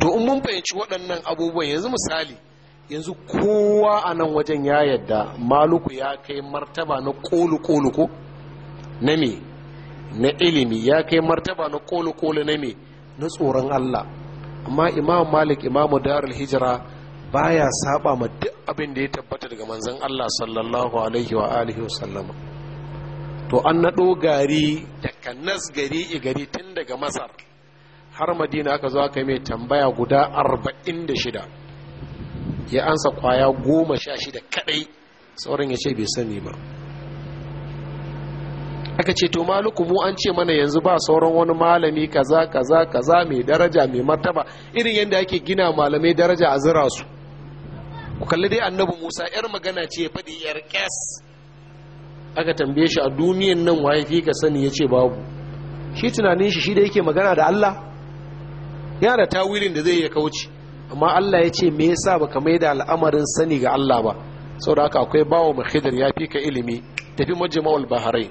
to in mun fahimci waɗannan abubuwan yanzu misali yanzu kowa a nan wajen ya yadda maluku ya kai martaba na kolu-kolu ko na me na ilimi ya kai martaba na kolu-kolu na me na tsoron allah amma imam malik imamu darul hijira baya saba ma duk abin da ya tabbata daga manzon allah sallallahu alaihi wa alihi wa sallama to an naɗo gari daga nas gari i gari tun daga masar har madina aka zo aka mai tambaya guda arba'in da shida ya ansa kwaya goma sha shida kadai sauran ya ce bai sani ba aka ce to malukumu an ce mana yanzu ba sauran wani malami kaza kaza kaza mai daraja mai martaba irin yadda ake gina malamai daraja a zira su ku kalli dai annabi musa yar magana ce ya faɗi yar kes aka tambaye shi a duniyan nan waye fi ka sani ya ce babu shi tunanin shi shi da yake magana da allah yana da tawilin da zai iya kauce amma Allah ya ce me yasa baka mai da al'amarin sani ga Allah ba saboda haka akwai bawo makhidar ya fi ka ilimi tafi majma'ul bahrain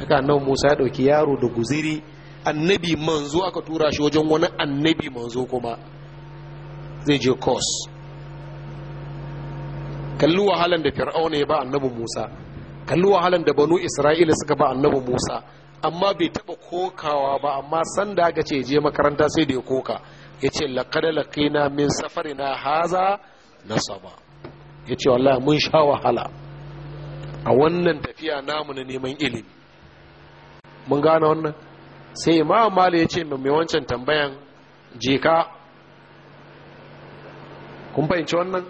haka nan Musa ya dauki yaro da guziri annabi manzo aka tura shi wajen wani annabi manzo kuma zai je course kalli wahalan da fir'auna ya ba annabi Musa kalli wahalan da banu Isra'ila suka ba annabi Musa amma bai taba kokawa ba amma sanda aka ce je makaranta sai da ya koka ya ce laƙada na min safari na haza na saba ya ce wallahi mun sha wahala a wannan tafiya namu na neman ilimi mun gane wannan sai imam mali ya ce mai wancan tambayan jeka kun fahimci wannan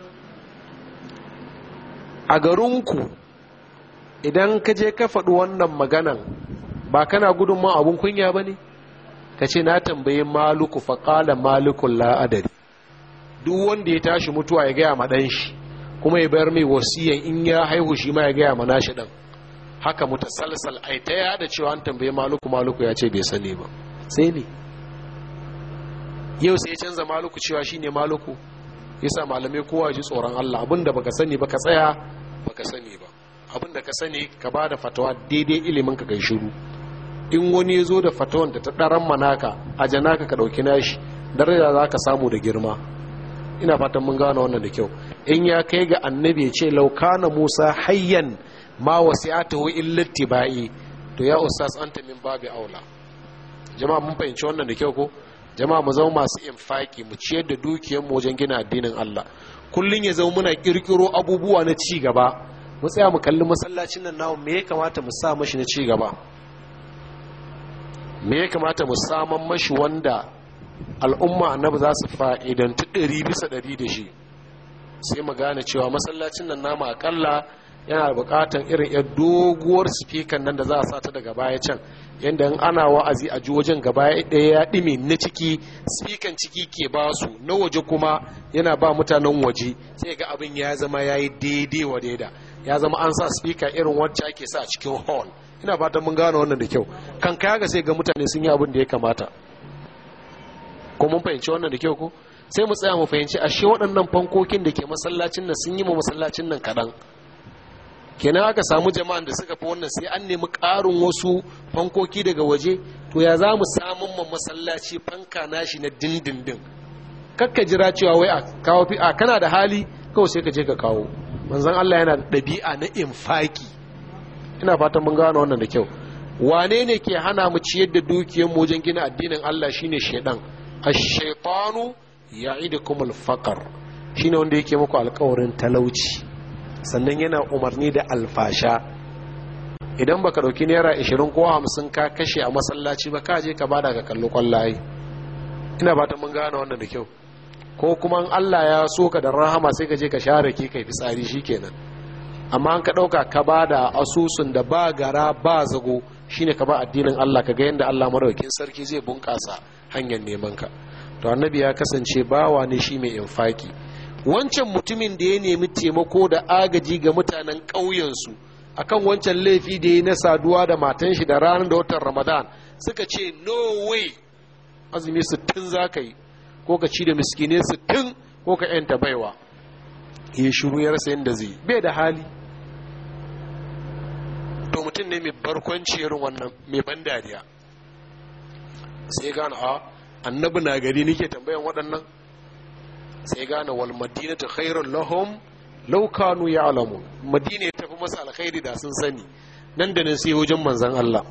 a garinku idan ka je ka faɗi wannan maganan ba kana gudun abin abun kunya ba ne ka ce na tambayi maluku faƙala malukun la'adari duk wanda ya tashi mutuwa ya gaya ma shi kuma ya bayar mai wasiyan in ya haihu shi ma ya gaya ma nashi ɗan haka mutasalsal ai ta yada cewa an tambayi maluku maluku ya ce bai sani ba sai ne yau sai ya canza maluku cewa shine maluku ya sa malamai kowa ji tsoron Allah abinda baka sani baka tsaya baka sani ba abinda ka sani ka ba da fatawa daidai ilimin ka kai shiru in wani ya zo da fatawan da ta ɗaran manaka a janaka ka ɗauki nashi daraja za ka samu da girma ina fatan mun gane wannan da kyau in ya kai ga annabi ya ce laukana musa hayyan ma wasu ya wasi'atahu illa ba'i to ya ustaz anta min babi aula jama'a mun fahimci wannan da kyau ko jama'a mu zama masu infaki mu ciyar da dukiyar mu wajen gina addinin Allah Kullum ya zama muna kirkiro abubuwa na ci gaba mu tsaya mu kalli masallacin nan nawo me ya kamata mu sa mashi na ci gaba me ya kamata mu saman mashi wanda al'umma annabi za su fa'idantu ɗari bisa ɗari da shi sai mu gane cewa masallacin nan nama akalla yana da irin yar doguwar sifikan nan da za a sata daga baya can yadda in ana wa'azi a ji wajen gaba ɗaya ya ɗime na ciki sifikan ciki ke ba su na waje kuma yana ba mutanen waje sai ga abin ya zama ya yi daidai wa daida ya zama an sa sifika irin wacce ake sa a cikin hall ina fatan mun gano wannan da kyau kan kaya ga sai ga mutane sun yi abin da ya kamata ko mun fahimci wannan da kyau ko sai mu tsaya mu fahimci ashe waɗannan fankokin da ke masallacin nan sun yi ma masallacin nan kaɗan kenan aka samu jama'an da suka fi wannan sai an nemi ƙarin wasu fankoki daga waje to ya za mu samun ma masallaci fanka nashi na dindindin kakka jira cewa wai a kawo fi kana da hali kawai sai ka je ka kawo manzon Allah yana da ɗabi'a na infaki ina fatan mun gano wannan da kyau wane ne ke hana mu ciyar da dukiyar mu wajen gina addinin Allah shine shedan ash-shaytanu ya'idukum al-faqr shine wanda yake muku alƙawarin talauci sannan yana umarni da alfasha idan baka dauki naira 20 ko 50 ka kashe a masallaci ba ka je ka bada ka kallo kwallaye ina fatan mun gano wannan da kyau ko kuma Allah ya so ka da rahama sai ka je ka share ki kai fitsari shikenan amma an ka ɗauka ka ba da asusun da ba gara ba zago shine ka ba addinin Allah ka ga yadda Allah maraukin sarki zai bunƙasa hanyar neman ka to annabi ya kasance bawa ne shi mai infaki wancan mutumin da ya nemi taimako da agaji ga mutanen ƙauyensu akan wancan laifi da ya na saduwa da matan shi da ranar da watan ramadan suka ce no way azumi sittin za ka yi ko ka ci da miskine sittin ko ka yanta baiwa ya shiru ya rasa yadda zai bai da hali to mutum ne mai barkwanci irin wannan mai ban dariya sai gane a annabi na gari nake tambayan waɗannan sai gane wal madina ta khairun lahum law kanu alamu. madina ta fi masa alkhairi da sun sani nan da nan sai wajen manzon Allah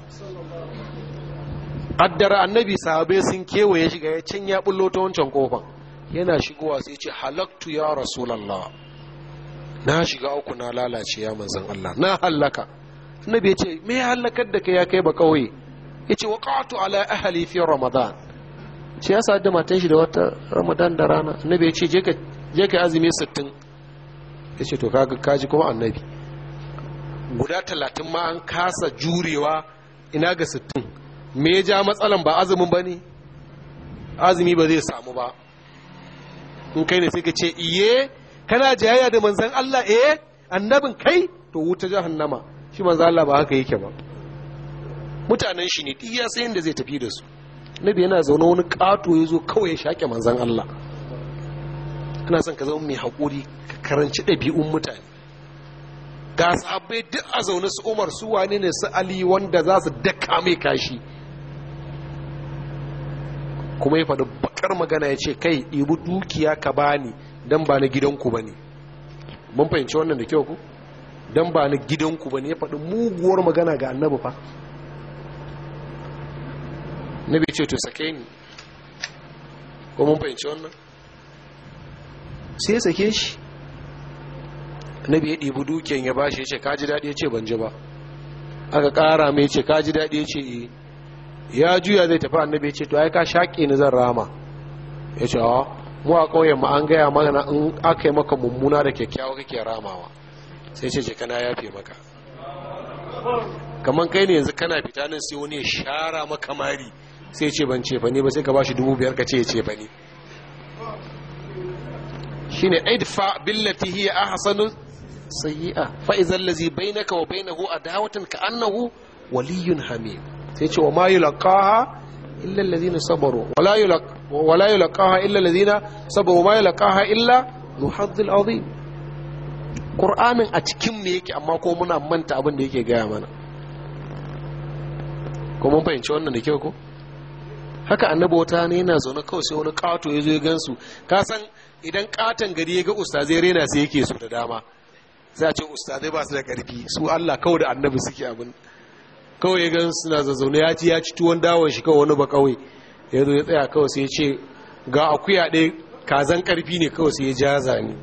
addara annabi sahabe sun kewaye shiga ya can ya bullo ta wancan kofan yana shigowa sai ce halaktu ya rasulallah na shiga uku na lalace ya manzan Allah na hallaka na ya ce me ya halakar da kai ya kai ba kauye ya ce waƙatu ala ahali fi ramadan ce ya da matan shi da wata ramadan da rana na ya ce je ka azumi sittin. ya ce to kaga kaji kuma annabi guda talatin ma an kasa jurewa ina ga sittin. me ya ja matsalan ba azumin ba ne azumi ba zai samu ba in kai ne sai ka ce iye kana jayayya da manzan Allah eh annabin kai to wuta jahannama shi manzo Allah ba haka yake ba mutanen shi ne iya sai yadda zai tafi da su nabi yana zaune wani kato ya zo kawai ya shaƙe manzan Allah ana son ka zama mai haƙuri ka karanci ɗabi'un mutane ga sahabbai duk a zaune su umar su wane ne su ali wanda za su daka mai kashi kuma ya faɗi bakar magana ya ce kai ibu dukiya ka bani dan ba na gidanku ba ne mun fahimci wannan da kyau ku don ba na gidanku ba ne ya faɗi muguwar magana ga annabi fa bai ce to sake ni ko mun fahimci wannan sai sake shi bai ya ɗibi dukiyan ya bashi ya ce kaji daɗi ya ce ban ji ba aka ƙara mai ce kaji daɗi ya ce eh. ya juya zai tafi annabi ya ce to ai ka shaƙe ni zan rama ya ce mu a ƙauyen ma an gaya mana in aka yi maka mummuna da kyakkyawa kake ramawa sai ce ce ya yafe maka kamar kai ne yanzu kana fita nan sai wani ya shara maka mari sai ce ban ce fani ba sai ka bashi dubu biyar ka ce ya ce fani shine idfa billati hiya a ahsanu sayyi'a fa idhal bai na hu? A dawatan ka annahu waliyyun hamim sai ce wa ma yi lakaha illa alladhina sabaru Wala yi lakaha illa alladhina sabaru ma yi lakaha illa ذو حظ ƙur'anin a cikin mu yake amma ko muna manta abin da yake gaya mana ko mun fahimci wannan da kyau ko haka annabi wata ne yana zaune kawai sai wani kato ya zo ya gansu ka san idan katon gari ya ga ustazai rena sai yake su da dama sai a ce ustazai ba su da karfi su Allah kawai da annabi suke abin kawai ya gan suna zazzaune ya ci ya ci tuwon dawon shi kawai wani ba kawai ya zo ya tsaya kawai sai ya ce ga akuya ɗaya kazan karfi ne kawai sai ya jaza ni.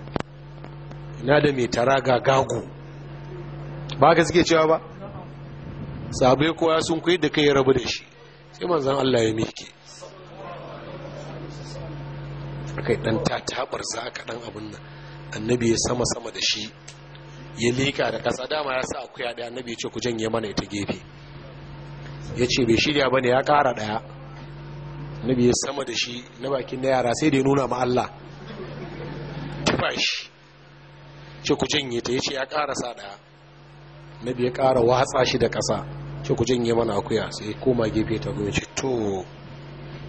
na da mai tara ga gago ba ka suke cewa ba sabai kowa sun kuyi da kai ya rabu da shi sai manzan Allah ya miƙe kai dan ta tabar za ka dan abin nan annabi ya sama sama da shi ya leka da kasa. dama ya sa akuya ɗaya annabi ya ce ku janye mana ita gefe ya ce bai shirya ba ne ya kara daya annabi ya sama da shi na bakin na yara sai da ya nuna ma Allah tufa shi ce ku janye ta yace ya karasa daya na ya kara watsa shi da kasa ce ku janye mana akuya sai koma gefe ta gobe ce to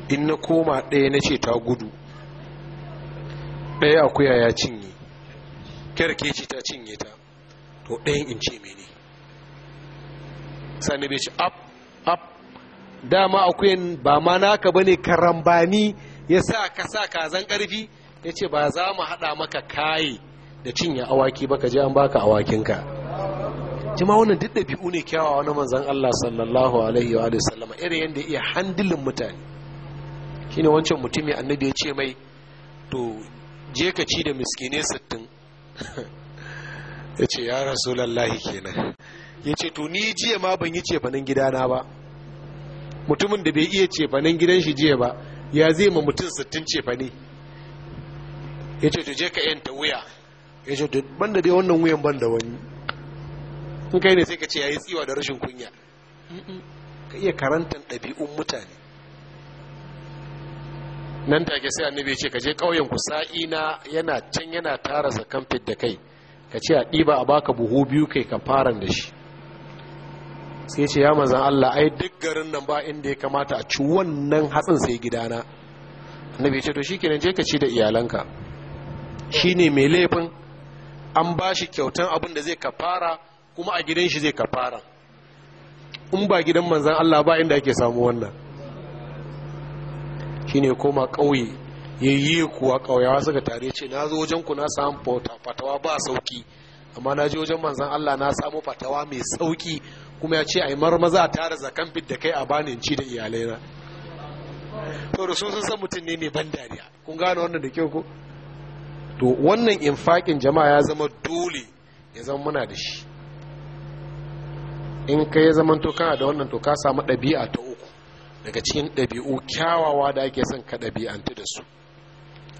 in na koma ɗaya na ce ta gudu ɗaya akuya ya cinye kyarke ce ta cinye ta to dayan in ce mene sani bai ce up up dama akuyan ba ma naka bane karambani ya sa ka sa kazan ƙarfi ya ce ba za mu haɗa maka kayi da cinye awaki baka je an baka awakinka jima wannan duk da biyu ne kyawa wani manzan Allah sallallahu alaihi wa sallama irin yadda iya handilin mutane shine wancan ya annabi ya ce mai to je ka ci da miskine sittin (laughs) ya ce ya rasulallahi kenan ya ce to ni jiya ma ban yi cefanin gidana ba mutumin da bai iya cefanin gidan shi jiya ba ya zai ma mutum sittin cefane ya ce to je ka yanta wuya ya ce ban da dai wannan wuyan ban da wani in kai ne sai ka ce yi tsiwa da rashin kunya ka iya karantar ɗabi'un mutane nan take sai annabi ce ka je ƙauyen ku sa'ina yana can yana tara zakan da kai ka ce a ɗiba a baka buhu biyu kai ka fara da shi sai ce ya mazan Allah ai duk garin nan ba inda ya kamata a ci wannan hatsin sai gidana annabi ce to shikenan je ka ci da iyalanka shine mai laifin an ba shi kyautan abin da zai kafara kuma a gidan shi zai kafara in ba gidan manzan Allah ba inda ake samu wannan shi ne koma ƙauye ya yi kuwa ƙauyawa suka tare ce na zo wajen ku na samu fatawa ba sauki amma na je wajen manzan Allah na samu fatawa mai sauki kuma ya ce a yi marmaza a tara zakan fit da kai a bani ci da iyalaina to rasu sun san mutum ne mai ban dariya kun gane wannan da kyau ko to wannan infakin jama'a ya zama dole ya zama muna da shi in ka ya zama to kana da wannan toka samu ɗabi'a ta uku daga cikin ɗabi'u kyawawa da ake son ka ɗabi'antu da su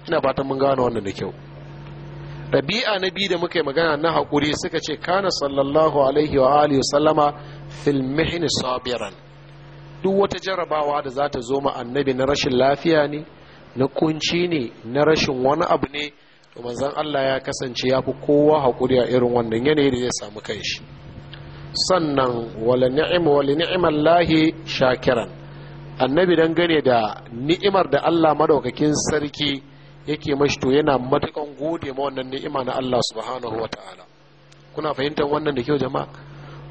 ina fatan mun gano wannan da kyau ɗabi'a na biyu da muka yi magana na haƙuri suka ce kana sallallahu alaihi wa alihi sallama fil sabiran duk wata jarabawa da za ta zo ma annabi na rashin lafiya ne na kunci ne na rashin wani abu ne to manzan Allah ya kasance ya fi kowa haƙuri a irin wannan yanayi da ya samu kai shi sannan wale ni'ima wale ni'imar lahi shakiran annabi don gane da ni'imar da Allah madaukakin sarki yake mashi to yana matukan gode ma wannan ni'ima na Allah subhanahu wa ta'ala kuna fahimtar wannan da kyau jama'a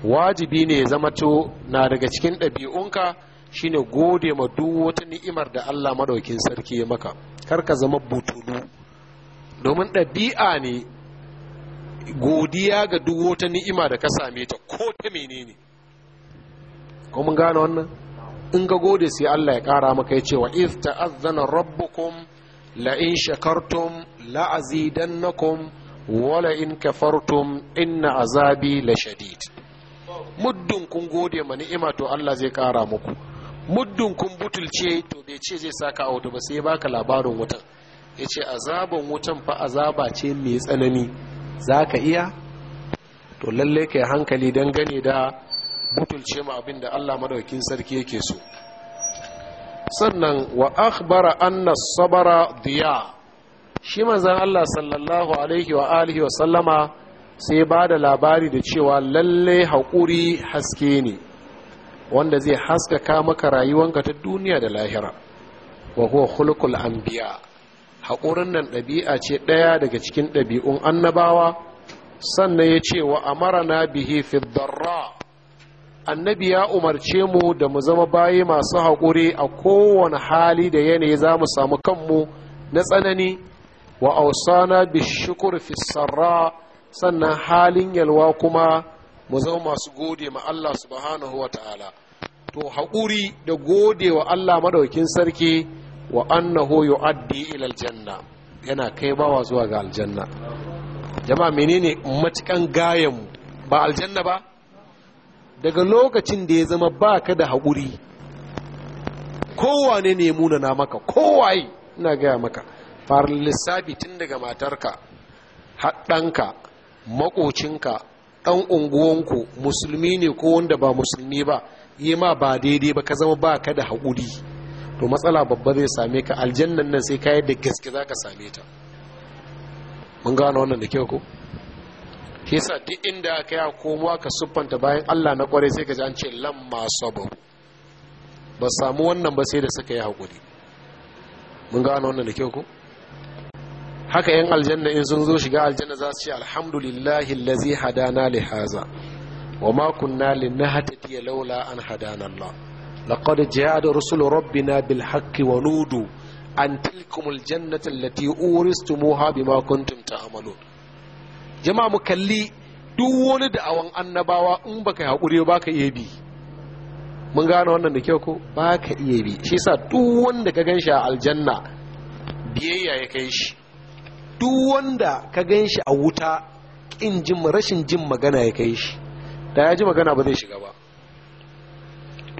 wajibi ne zama to na daga cikin ɗabi'unka shine gode ma duk wata ni'imar da Allah madaukakin sarki ya maka kar ka zama butulu domin ɗabi'a ne godiya ga duk wata ni'ima da ka same ta ko ta menene ko mun gane wannan in ga gode sai Allah ya ƙara maka ya cewa wa iz ta'azzana rabbukum la in shakartum la azidannakum wa la in kafartum inna azabi la shadid Muddun kun gode ma ni'ima to Allah zai ƙara muku Muddun kun butulce to bai ce zai saka auto ba sai baka labarin wutan ya ce azaban wutan fa azaba ce mai tsanani za ka iya to lallai ka yi hankali don gane da butulce ma abin da allah madaukin sarki yake so sannan wa akhbara anna sabara diya shi manzan allah sallallahu alaihi wa alihi wa sallama sai ba da labari da cewa lallai haƙuri haske ne wanda zai haskaka maka rayuwanka ta duniya da lahira wa huwa khulqul anbiya haƙurin nan ɗabi'a ce ɗaya daga cikin ɗabi'un annabawa sannan ya ce wa amara na bihi fi annabi ya umarce mu da mu zama bayi masu haƙuri a kowane hali da yanayi za mu samu kanmu na tsanani wa ausana bi shukur fi sannan halin yalwa kuma mu zama masu gode ma Allah subhanahu wa ta'ala to haƙuri da gode wa Allah madaukin sarki wa annahu yu'addi ila aljanna yana kai bawa zuwa ga aljanna jama'a menene matukan gayan ba aljanna ba daga lokacin da ya zama baka da haƙuri kowane ne munana maka kowaye ina gaya maka far lissafi tun daga matarka haɗanka maƙocinka ɗan unguwanku musulmi ne ko wanda ba musulmi ba yi ma ba daidai ba ka zama baka da haƙuri to matsala babba zai same ka aljannan nan sai ka yadda gaske za ka same ta mun gano wannan da kyau ko yasa duk inda ka yi komowa ka siffanta bayan allah na kwarai sai ka ji an ce lamma ba samu wannan ba sai da suka yi haƙuri mun gano wannan da kyau ko haka yan aljanna in sun zo shiga aljanna za su ce alhamdulillahi lazi hadana li haza wa ma kunna linahtadiya laula an hadana allah laqad ja'ada rusulu rabbina bil haqqi wa nudu an tilkumul jannati allati uristumuha bima kuntum ta'malun jama'a mu kalli duk wani da'awan annabawa in baka haƙuri ba ka iya bi mun gane wannan da kyau ko ba ka iya bi shi sa duk wanda ka ganshi a aljanna biyayya ya kai duk wanda ka ganshi a wuta kin rashin jin magana ya kai da ya ji magana ba zai shiga ba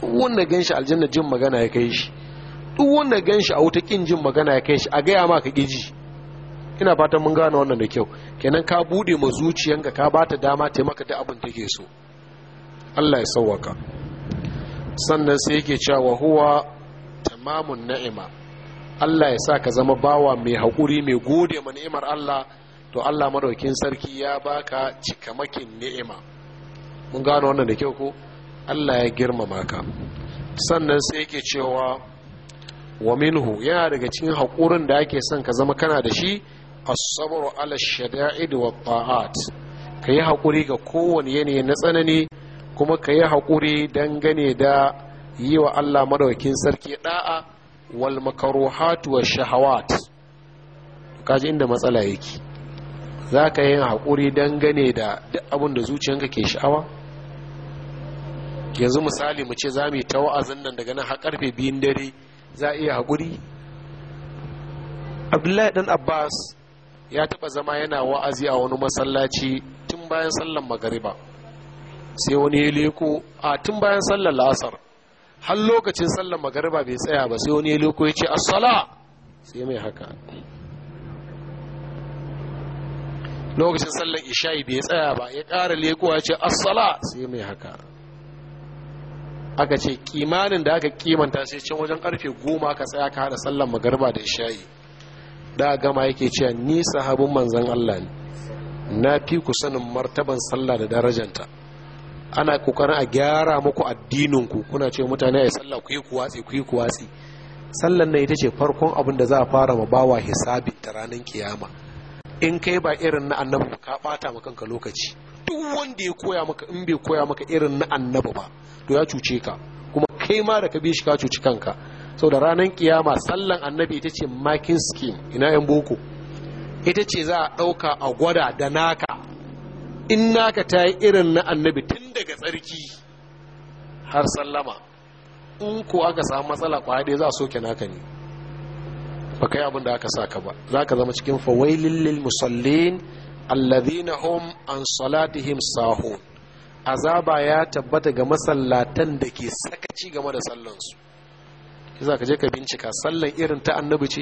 duk wanda gan shi aljanna jin magana ya kai shi duk wanda gan shi a wuta kin jin magana ya kai shi a gaya ma ka giji ina fatan mun gane wannan da kyau kenan ka bude ma zuciyanka ka bata dama ta maka da abin take so Allah ya sauwaka sannan sai yake cewa huwa tamamun na'ima Allah ya sa ka zama bawa mai hakuri mai gode ma ni'imar Allah to Allah madaukin sarki ya baka cikamakin ni'ima mun gane wannan da kyau ko Allah ya girmama ka sannan sai yake cewa wa minhu yana daga cikin haƙurin da ake son ka zama kana da shi as sabr ala shada'id wa ta'at ka haƙuri ga kowane yanayi na tsanani kuma ka yi haƙuri dangane da yi wa Allah madaukakin sarki da'a wal makaruhat wa shahawat kaji inda matsala yake zaka ka yi haƙuri dangane da duk abin da zuciyanka ke sha'awa yanzu misali mu ce za mu yi ta wa'azin nan daga nan har karfe biyun dare za a iya haƙuri abdullahi dan abbas ya taɓa zama yana wa'azi a wani masallaci tun bayan sallan magariba sai wani ya leko a tun bayan sallan la'asar har lokacin sallan magariba bai tsaya ba sai wani ya leko ya ce assala sai mai haka lokacin sallan isha'i bai tsaya ba ya ƙara leko ya ce assala sai mai haka aka ce kimanin da aka kimanta sai can wajen karfe goma ka tsaya ka hada sallan magarba da shayi da gama yake cewa ni sahabin manzan Allah ne na fi ku sanin martaban sallah da darajanta ana kokarin a gyara muku addininku kuna ce mutane ai sallah ku yi ku watsi ku yi ku watsi sallan nan ita ce farkon abin da za a fara ma bawa hisabi ta ranar kiyama in kai ba irin na annabi ka bata maka lokaci duk wanda ya koya maka in bai koya maka irin na annabi ba to ya cuce ka kuma kai ma da ka bi shi ka cuci kanka da ranar kiyama sallan annabi ita ce makin skin ina yan boko ita ce za a ɗauka a gwada da naka in naka ta yi irin na annabi tun daga tsarki har sallama in ko aka samu matsala kwaya ɗaya za a soke naka ne ba kai abin da aka sa ka ba za ka zama cikin fawailin lil musallin alladhina hum an salatihim sahun azaba ya tabbata ga masallatan da ke sakaci game da sallansu za ka je ka bincika sallan irin ta annabi ce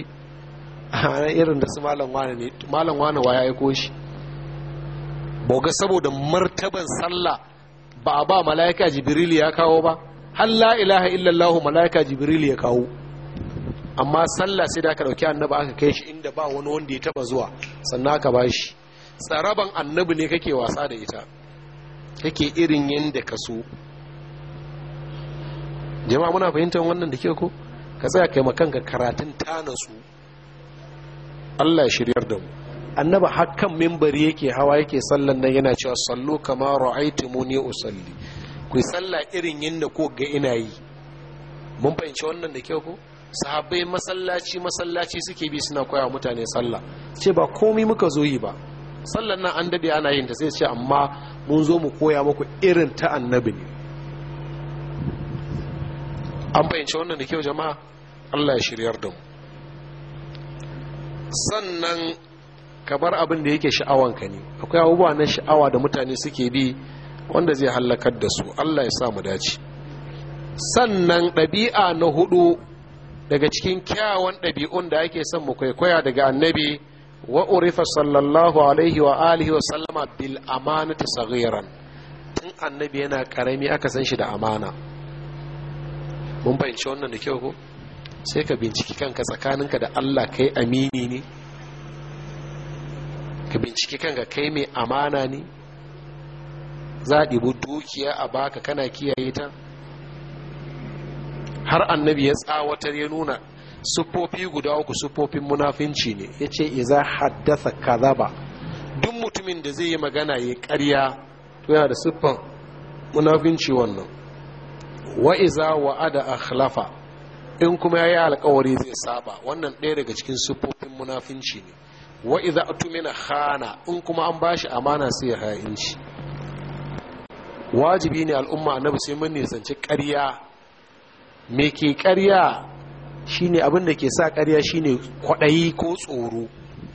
(laughs) a irin da su malam wane wa ya aiko shi boga saboda martaban sallah ba a ba mala'ika jibril ya kawo ba halla ilaha illallah mala'ika jibril ya kawo amma sallah sai da aka dauki annabi aka kai shi inda ba wani wanda ya taba zuwa sannan aka ba shi tsaraban annabi ne kake wasa da ita kake irin yadda ka so jama'a muna fahimtar wannan da ke ko ka tsaya kai ga karatun tana su Allah ya shiryar da mu annaba hakan mimbari yake hawa yake sallan nan yana cewa sallu kama muni usalli ku sallah irin yadda ko ga ina yi mun fahimci wannan da ke ko sahabbai masallaci masallaci suke bi suna koya mutane sallah ce ba komai muka zo yi ba sallan nan an dade ana yin ta sai ce amma mun zo mu koya muku irin ta annabi ne an fahimci wannan da kyau jama'a Allah ya shiryar da mu sannan ka bar abin da yake sha'awanka ne akwai abubuwa na sha'awa da mutane suke bi wanda zai hallakar da su Allah ya sa mu dace sannan ɗabi'a na hudu daga cikin kyawun ɗabi'un da ake son mu kwaikwaya daga annabi wa urifa sallallahu alaihi wa alihi wa sallama bil amanati saghiran tun annabi yana karami aka san shi da amana mun fahimci wannan da kyau ko sai ka binciki kanka tsakaninka da Allah kai amini ne ka binciki kanka kai mai amana ne za a dukiya a baka kana kiyaye ta har annabi ya tsawatar ya nuna siffofi guda uku siffofin munafinci ne ya ce iza haddasa kazaba duk mutumin da zai yi magana ya karya to yana da siffan munafinci wannan wa iza wa'ada akhlafa in kuma ya yi alkawari zai saba wannan ɗaya daga cikin siffofin munafinci ne wa iza atumina khana in kuma an bashi amana sai ya ha'inci wajibi ne al'umma annabi sai mun nisanci karya. me ke karya? shine abin da ke sa ƙarya shine kwaɗayi ko tsoro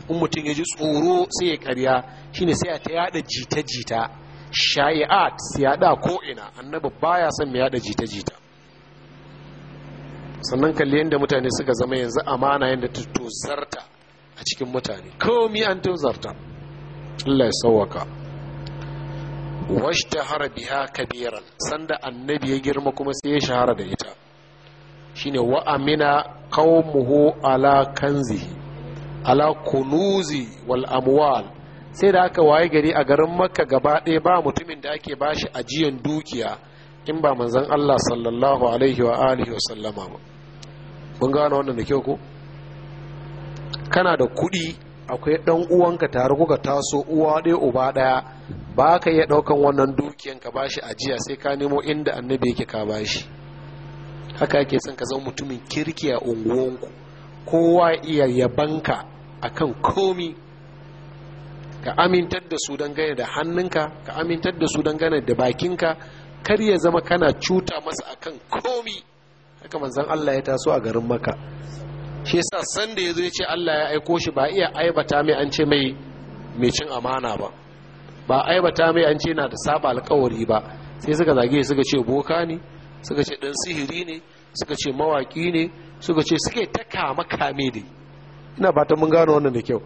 in mutum ya ji tsoro sai ya ƙarya shine sai a ta yada jita-jita sha'i'at su yada ko'ina annabi baya son mai yada jita-jita sannan kalli yadda mutane suka zama yanzu amana yadda ta tozarta a cikin mutane komi an tozarta Allah ya sauwaka ta hara biya kabiran sanda annabi ya girma kuma sai ya shahara da ita shine wa amina qaumuhu ala kanzi ala kunuzi wal amwal sai da aka waye gari a garin makka gaba ɗaya ba mutumin da ake bashi ajiyan dukiya in ba manzon Allah sallallahu alaihi wa alihi wa sallama ba kun gano wannan da kyau ko kana da kuɗi akwai ɗan uwanka tare kuka taso uwa ɗaya uba ɗaya ba ka iya ɗaukan wannan dukiyan ka bashi ajiya sai ka nemo inda annabi yake ka bashi haka yake son ka zama mutumin kirki a unguwanku kowa iya yabanka kan komi ka amintar da su dangane da hannunka ka amintar da su dangane da bakinka kar ya zama kana cuta masa kan komi haka manzan Allah ya taso a garin maka shi yasa san da zo ce Allah ya aiko shi ba iya aibata mai an ce mai mai cin amana ba ba aibata mai an ce na da saba alkawari ba sai suka zage suka ce boka ne suka ce ɗan sihiri ne suka ce mawaƙi ne suka ce suke ta kama kame dai ina fata mun gano wannan da kyau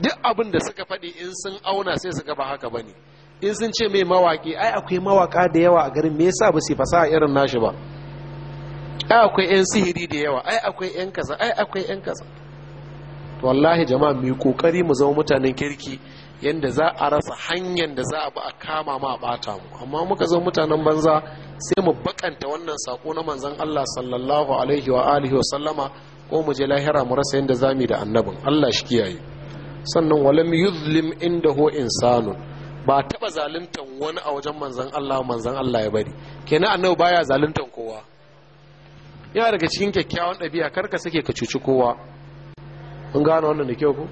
duk abin da suka faɗi in sun auna sai suka ba haka bane in sun ce mai mawaƙi ai akwai mawaƙa da yawa a garin me yasa ba su fasaha irin nashi ba ai akwai yan sihiri da yawa ai akwai yan kaza ai akwai yan kaza wallahi jama'a mu yi kokari mu zama mutanen kirki yadda za a rasa hanyar da za a ba a kama ma a bata mu amma muka zama mutanen banza sai mu bakanta wannan sako na manzon Allah sallallahu alaihi wa alihi wa sallama ko mu je lahira mu rasa yadda zamu da annabin Allah shi kiyaye sannan walam yuzlim indahu Insanu ba taba zaluntan wani a wajen manzon Allah manzon Allah ya bari kenan annabi baya zaluntan kowa yana daga cikin kyakkyawan ɗabi'a kar ka sake ka cuci kowa kun gane wannan da kyau ko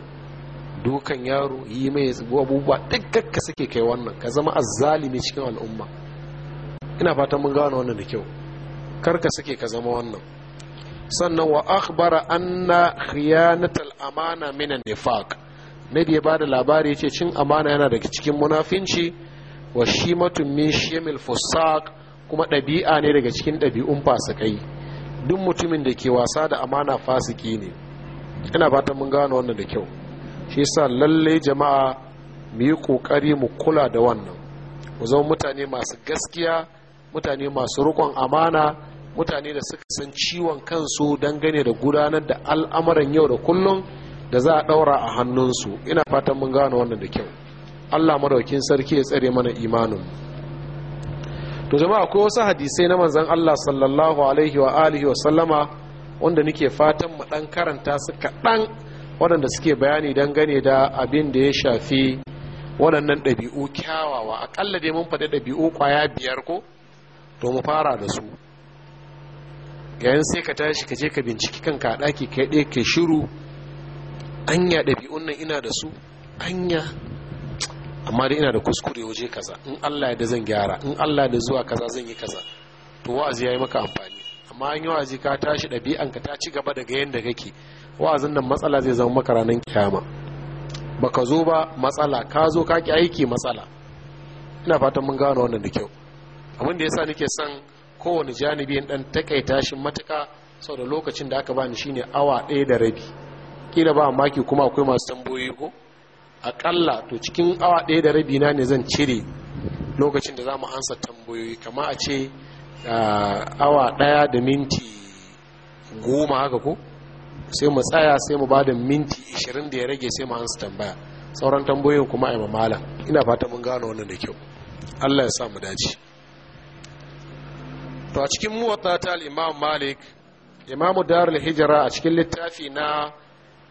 dukan yaro yi mai abubuwa dukkan ka suke kai wannan ka zama azzalimi cikin al'umma ina fatan mun gano wannan da kyau karka suke ka zama wannan sannan wa akhbara anna khiyanatal amana min nifaq nabi ya bada labari yace cin amana yana daga cikin munafinci wa shimatun min shimil fusaq kuma ɗabi'a ne daga cikin ɗabi'un fasikai duk mutumin da ke wasa da amana fasiki ne ina fatan mun gano wannan da kyau shi sa lallai jama'a mu yi ƙoƙari mu kula da wannan mu zama mutane masu gaskiya mutane masu rikon amana mutane da suka san ciwon kansu dangane da gudanar da al'amuran yau da kullum da za a ɗaura a hannunsu ina fatan mun gano wannan da kyau allah maraukin sarki ya tsare mana imanin to jama'a akwai wasu hadisai na manzan allah sallallahu alaihi wa alihi wa sallama wanda nake fatan mu ɗan karanta su kaɗan waɗanda suke bayani dangane da abin da ya shafi waɗannan ɗabi'u kyawawa aƙalla dai mun faɗi ɗabi'u ƙwaya biyar ko to mu fara da su yayin sai ka tashi ka je ka binciki kanka a ɗaki kai ɗaya ka shiru anya ɗabi'un nan ina da su anya amma dai ina da kuskure waje kaza in Allah ya da zan gyara in Allah da zuwa kaza zan yi kaza to wa'azi ya yi maka amfani amma an yi wa'azi ka tashi ɗabi'anka ta ci gaba daga yadda kake wa'azin nan matsala zai zama maka ranar kiyama baka zo ba matsala ka zo ka ki aiki matsala ina fatan mun gano wannan da kyau abin da yasa nake son kowane janibi in dan takaita shi matuka sau da lokacin da aka bani shine awa ɗaya da rabi kila ba maki kuma akwai masu tambayoyi ko akalla to cikin awa ɗaya da rabi na ne zan cire lokacin da za mu ansa tambayoyi kama a ce ah, awa ɗaya da minti goma haka ko sai mu tsaya sai mu bada minti 20 da ya rage sai mu ansa tambaya sauran tambayoyin kuma a yi mamala ina fata mun gano wannan da kyau Allah ya sa mu dace to a cikin muwatta ta al-Imam Malik imamu Darul Hijra a cikin littafi na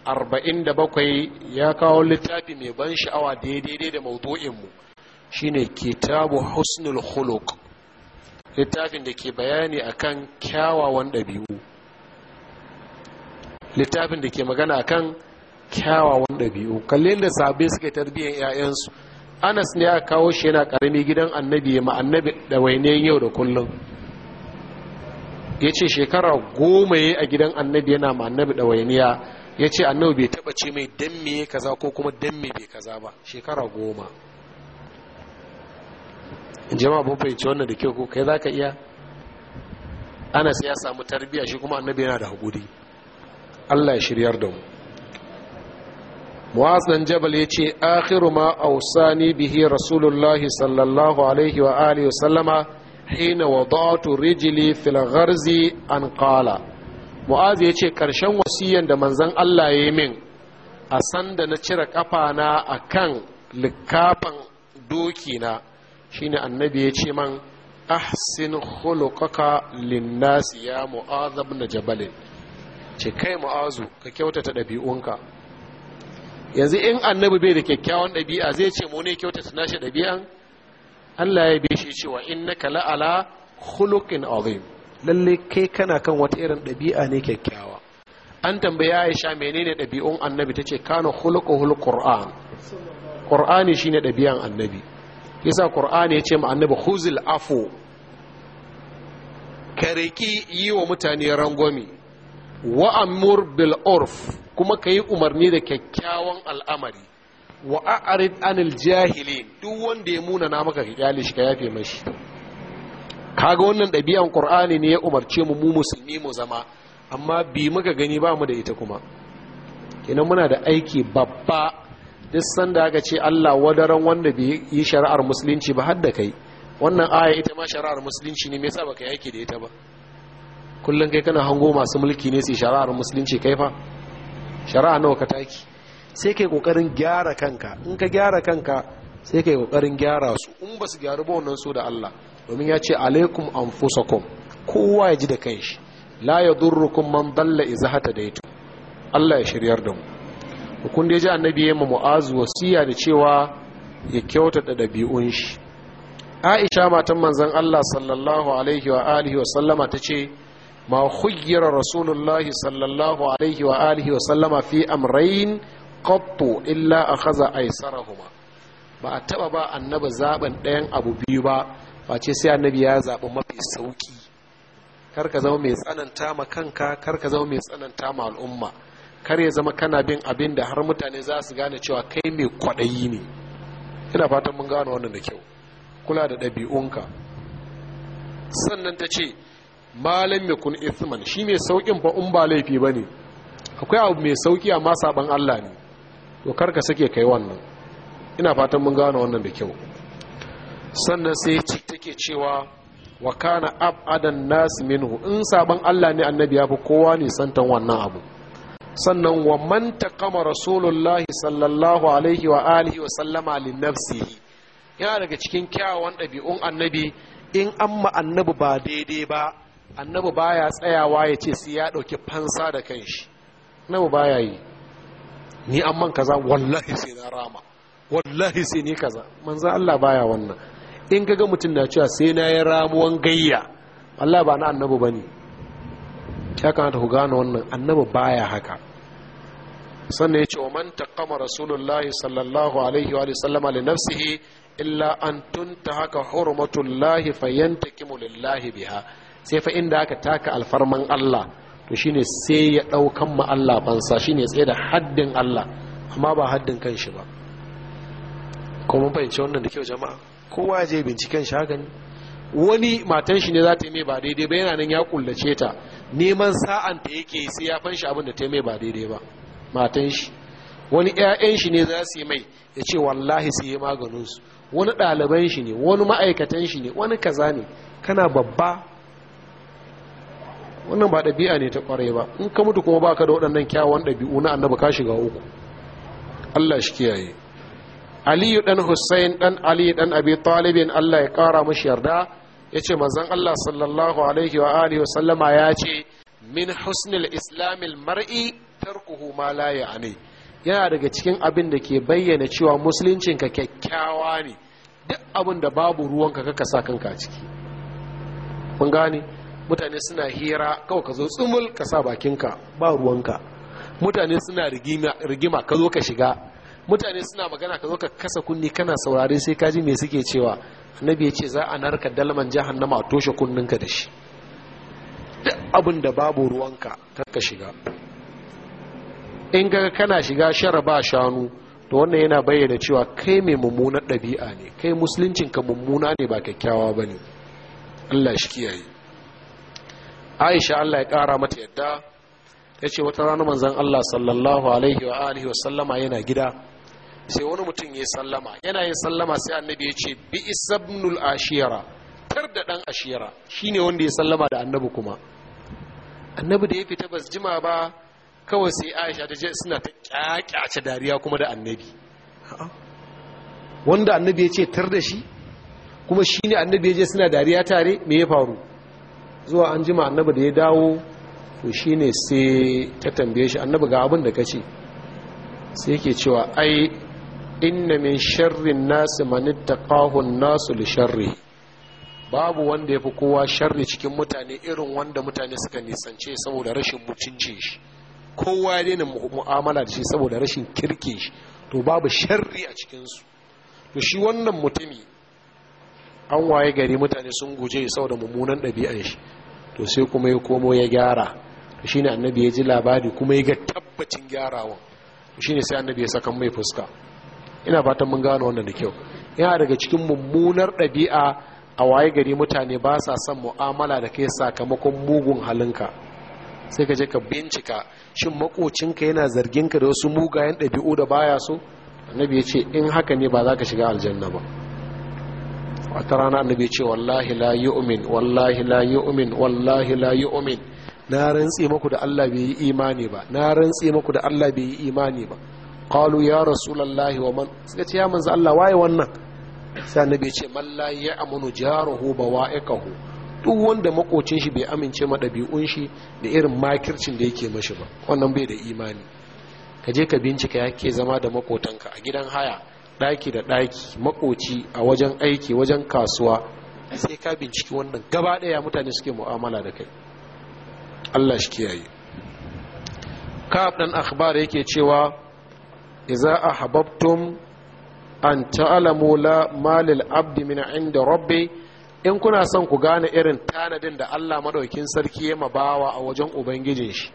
47 ya kawo littafi mai ban sha'awa daidai da maudu'in mu shine Kitabu Husnul Khuluq littafin da ke bayani akan kyawawan ɗabi'u littafin da ke magana kan kyawawan ɗabi'u kalli da suka suke tarbiyyar 'ya'yansu anas ne a kawo shi yana ƙarami gidan annabi ma annabi da wainiyan yau da kullum ya ce shekara goma ya a gidan annabi yana ma annabi da wainiya ya ce annabi bai taɓa ce mai dan me kaza ko kuma dan me bai kaza ba shekara goma jama'a ba fahimci wannan da kyau ko kai za ka iya anas ya samu tarbiyya shi kuma annabi yana da haƙuri Allah ya shiryar da mu mu'az dan jabal yace akhiru ma awsani bihi rasulullahi sallallahu alaihi wa alihi wa sallama hina wada'tu rijli fil gharzi an qala mu'az yace karshen wasiyan da manzon Allah ya yi min a sanda na cire kafana akan likafan doki na shine annabi ya ce man ahsin khuluqaka linnasi ya mu'az ibn Jabalin. ce kai mu'azu ka kyautata ɗabi'unka yanzu in annabi bai da kyakkyawan ɗabi'a zai ce mu ne kyautata nashi ɗabi'an Allah ya shi cewa in kala ala hulukin azim lalle kai kana kan wata irin ɗabi'a ne kyakkyawa an tambaye Aisha menene ɗabi'un annabi tace kana khuluquhul qur'an qur'ani ne ɗabi'an annabi yasa qur'ani yace ma annabi huzil afu ka riki yi wa mutane rangwami wa'amur bil urf kuma ka yi umarni da kyakkyawan al'amari wa a'rid anil jahili duk wanda ya muna na maka kyale shi ka yafe mashi kaga wannan ɗabi'an qur'ani ne ya umarce mu mu musulmi mu zama amma bi muka gani ba mu da ita kuma kenan muna da aiki babba duk sanda aka ce Allah wadaran wanda bai yi shari'ar musulunci ba har da kai wannan aya ita ma shari'ar musulunci ne me yasa baka yi aiki da ita ba kullum kai kana hango masu mulki ne su shari'ar musulunci kai fa shari'a nawa ka taki sai kai kokarin gyara kanka in ka gyara kanka sai kai kokarin gyara su in ba su gyaru ba wannan su da Allah domin ya ce alaikum anfusakum kowa ya ji da kanshi la yadurrukum man dalla hata daitu Allah ya shiryar da mu kun da ji annabi ya mu'azu wasiya da cewa ya kyautata dabi'un shi Aisha matan manzon Allah sallallahu alaihi wa alihi wa sallama tace ma khuyyira rasulullahi sallallahu alaihi wa alihi wa sallama fi amrayn qattu illa akhadha aysarahuma ba a taɓa ba annabi zaben ɗayan abu biyu ba face sai annabi ya zaɓi mafi sauki kar ka zama mai tsananta ma kanka kar ka zama mai tsananta ma al'umma kar ya zama kana bin abin da har mutane za su gane cewa kai mai kwaɗayi ne ina fatan mun gane wannan da kyau kula da ɗabi'unka sannan ta ce malam ya kun isman shi mai saukin ba, in ba laifi ba ne akwai abu mai sauki amma saban Allah ne to karka sake kai wannan ina fatan mun gano wannan da kyau sannan sai take cewa wa kana abadan nas minhu in saban Allah ne annabi ya fi kowa ne santan wannan abu sannan wa man taqama rasulullahi sallallahu alaihi wa alihi wa sallama li nafsihi yana daga cikin kyawawan ɗabi'un annabi in an ma annabi ba daidai ba annabi baya tsayawa ya ce sai ya ɗauki fansa da kanshi annabi baya yi ni an man kaza wallahi sai na rama wallahi sai ni kaza manzan Allah baya wannan in ga mutum na cewa sai na yi ramuwan gayya Allah ba na annabi ba ne ya kamata ku gane wannan annabi baya haka sannan ya ce wa man taqama rasulullahi sallallahu alaihi wa sallama li nafsihi illa an tunta haka hurmatullahi fayantakimu lillahi biha sai fa inda aka taka alfarman Allah to shine sai ya daukan ma Allah fansa shine tsaye da haddin Allah amma ba haddin kanshi ba ko mun fahimci wannan da kyau jama'a kowa ya je binciken shi haka wani matan shi ne za ta yi mai ba daidai ba yana nan ya kullace ta neman sa'an ta yake sai ya fanshi abin da ta yi mai ba daidai ba matan shi wani 'ya'yan shi ne za su yi mai ya ce wallahi ya yi maganinsu wani ɗaliban shi ne wani ma'aikatan shi ne wani kaza ne kana babba wannan ba ɗabi'a ne ta ƙware ba in ka mutu kuma ba ka da waɗannan kyawawan ɗabi'u na annabi ka shiga uku Allah shi kiyaye Aliyu dan Hussein dan Ali dan Abi Talib Allah ya ƙara mashi yarda ya ce manzon Allah sallallahu alaihi wa alihi wasallama ya ce min husnil islamil mar'i tarkuhu ma la ya'ni yana daga cikin abin da ke bayyana cewa musuluncinka kyakkyawa ne duk abin da babu ruwanka kaka sa kanka ciki kun gane mutane suna hira kawai ka zo tsumul ka sa bakinka ba ruwanka mutane suna rigima ka zo ka shiga mutane suna magana ka zo ka kasa kunni kana saurare sai ka ji me suke cewa annabi ya ce za a narka dalman jahannama a toshe kunninka da shi duk abin da babu ruwanka ka shiga in ga kana shiga shara ba shanu to wannan yana bayyana cewa kai mai mummunar ɗabi'a ne kai musuluncinka mummuna ne ba kyakkyawa ba ne allah shi kiyaye aisha allah ya ƙara mata yadda ya ce wata rana manzan allah sallallahu alaihi wa alihi wa sallama yana gida sai wani mutum ya sallama yana yin sallama sai annabi ya ce bi isabnul ashira tar da dan ashira shine wanda ya sallama da annabi kuma annabi da ya fita bas jima ba kawai sai aisha ta je suna ta kyakyace dariya kuma da annabi wanda annabi ya ce tar da shi kuma shine annabi ya je suna dariya tare me ya faru zuwa an jima annabi da ya dawo to shi ne sai ta tambaye shi annabi ga abin da ka ce sai ke cewa ai inna min sharrin nasu manitta nasu li sharri babu wanda ya fi kowa sharri cikin mutane irin wanda mutane suka nisance saboda rashin mutuncin shi kowa ya daina mu'amala da shi saboda rashin kirkin shi to babu sharri a cikinsu to shi wannan mutumi an waye gari mutane sun guje saboda mummunan ɗabi'ar shi to sai kuma ya komo ya gyara to shine annabi ya ji labari kuma ya ga tabbacin gyarawan to shine sai annabi ya saka mai fuska ina fatan mun gano wannan da kyau yana daga cikin mummunar ɗabi'a a waye gari mutane ba sa son mu'amala da kai sakamakon mugun halinka sai ka je ka bincika shin makocinka yana zargin ka da wasu mugayen ɗabi'u da baya so annabi ya ce in haka ne ba za ka shiga aljanna ba wata rana annabi ce wallahi la yu'min wallahi la yu'min wallahi la yu'min na rantsi muku da Allah bai yi imani ba na rantsi muku da Allah bai yi imani ba qalu ya lallahi wa man sai ce ya manzo Allah waye wannan sai annabi ya ce man la ya'munu jaruhu bawa'iqahu duk wanda makocin shi bai amince ma dabi'un shi da irin makircin da yake mashi ba wannan bai da imani ka je ka bincika yake zama da makotanka a gidan haya Daki da daki makoci a wajen aiki wajen kasuwa sai ka binciki wannan gaba ɗaya mutane suke mu'amala da kai Allah shi kiyaye ka dan akhbar yake cewa idza ahbabtum an ta'lamu la malil abdi min inda rabbi in kuna son ku gane irin tanadin da Allah madaukin sarki ya mabawa a wajen ubangijin shi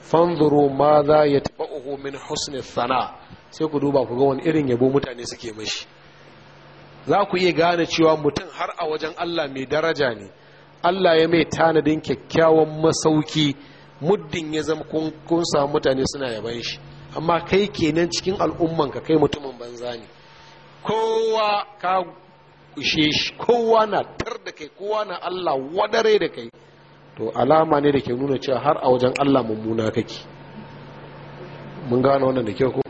fanzuru ma za ya taɓa min husni Sana'a. sai ku duba ku ga wani irin yabo mutane suke mashi za ku iya gane cewa mutum har a wajen Allah mai daraja ne Allah ya mai tanadin kyakkyawan masauki muddin ya zama kun samu mutane suna yaban shi amma kai kenan cikin al'umman ka kai mutumin banza ne kowa ka kushe shi kowa na tar da kai kowa na Allah wadare da kai to alama ne da ke nuna cewa har a wajen Allah mummuna kake mun gane wannan da kyau ko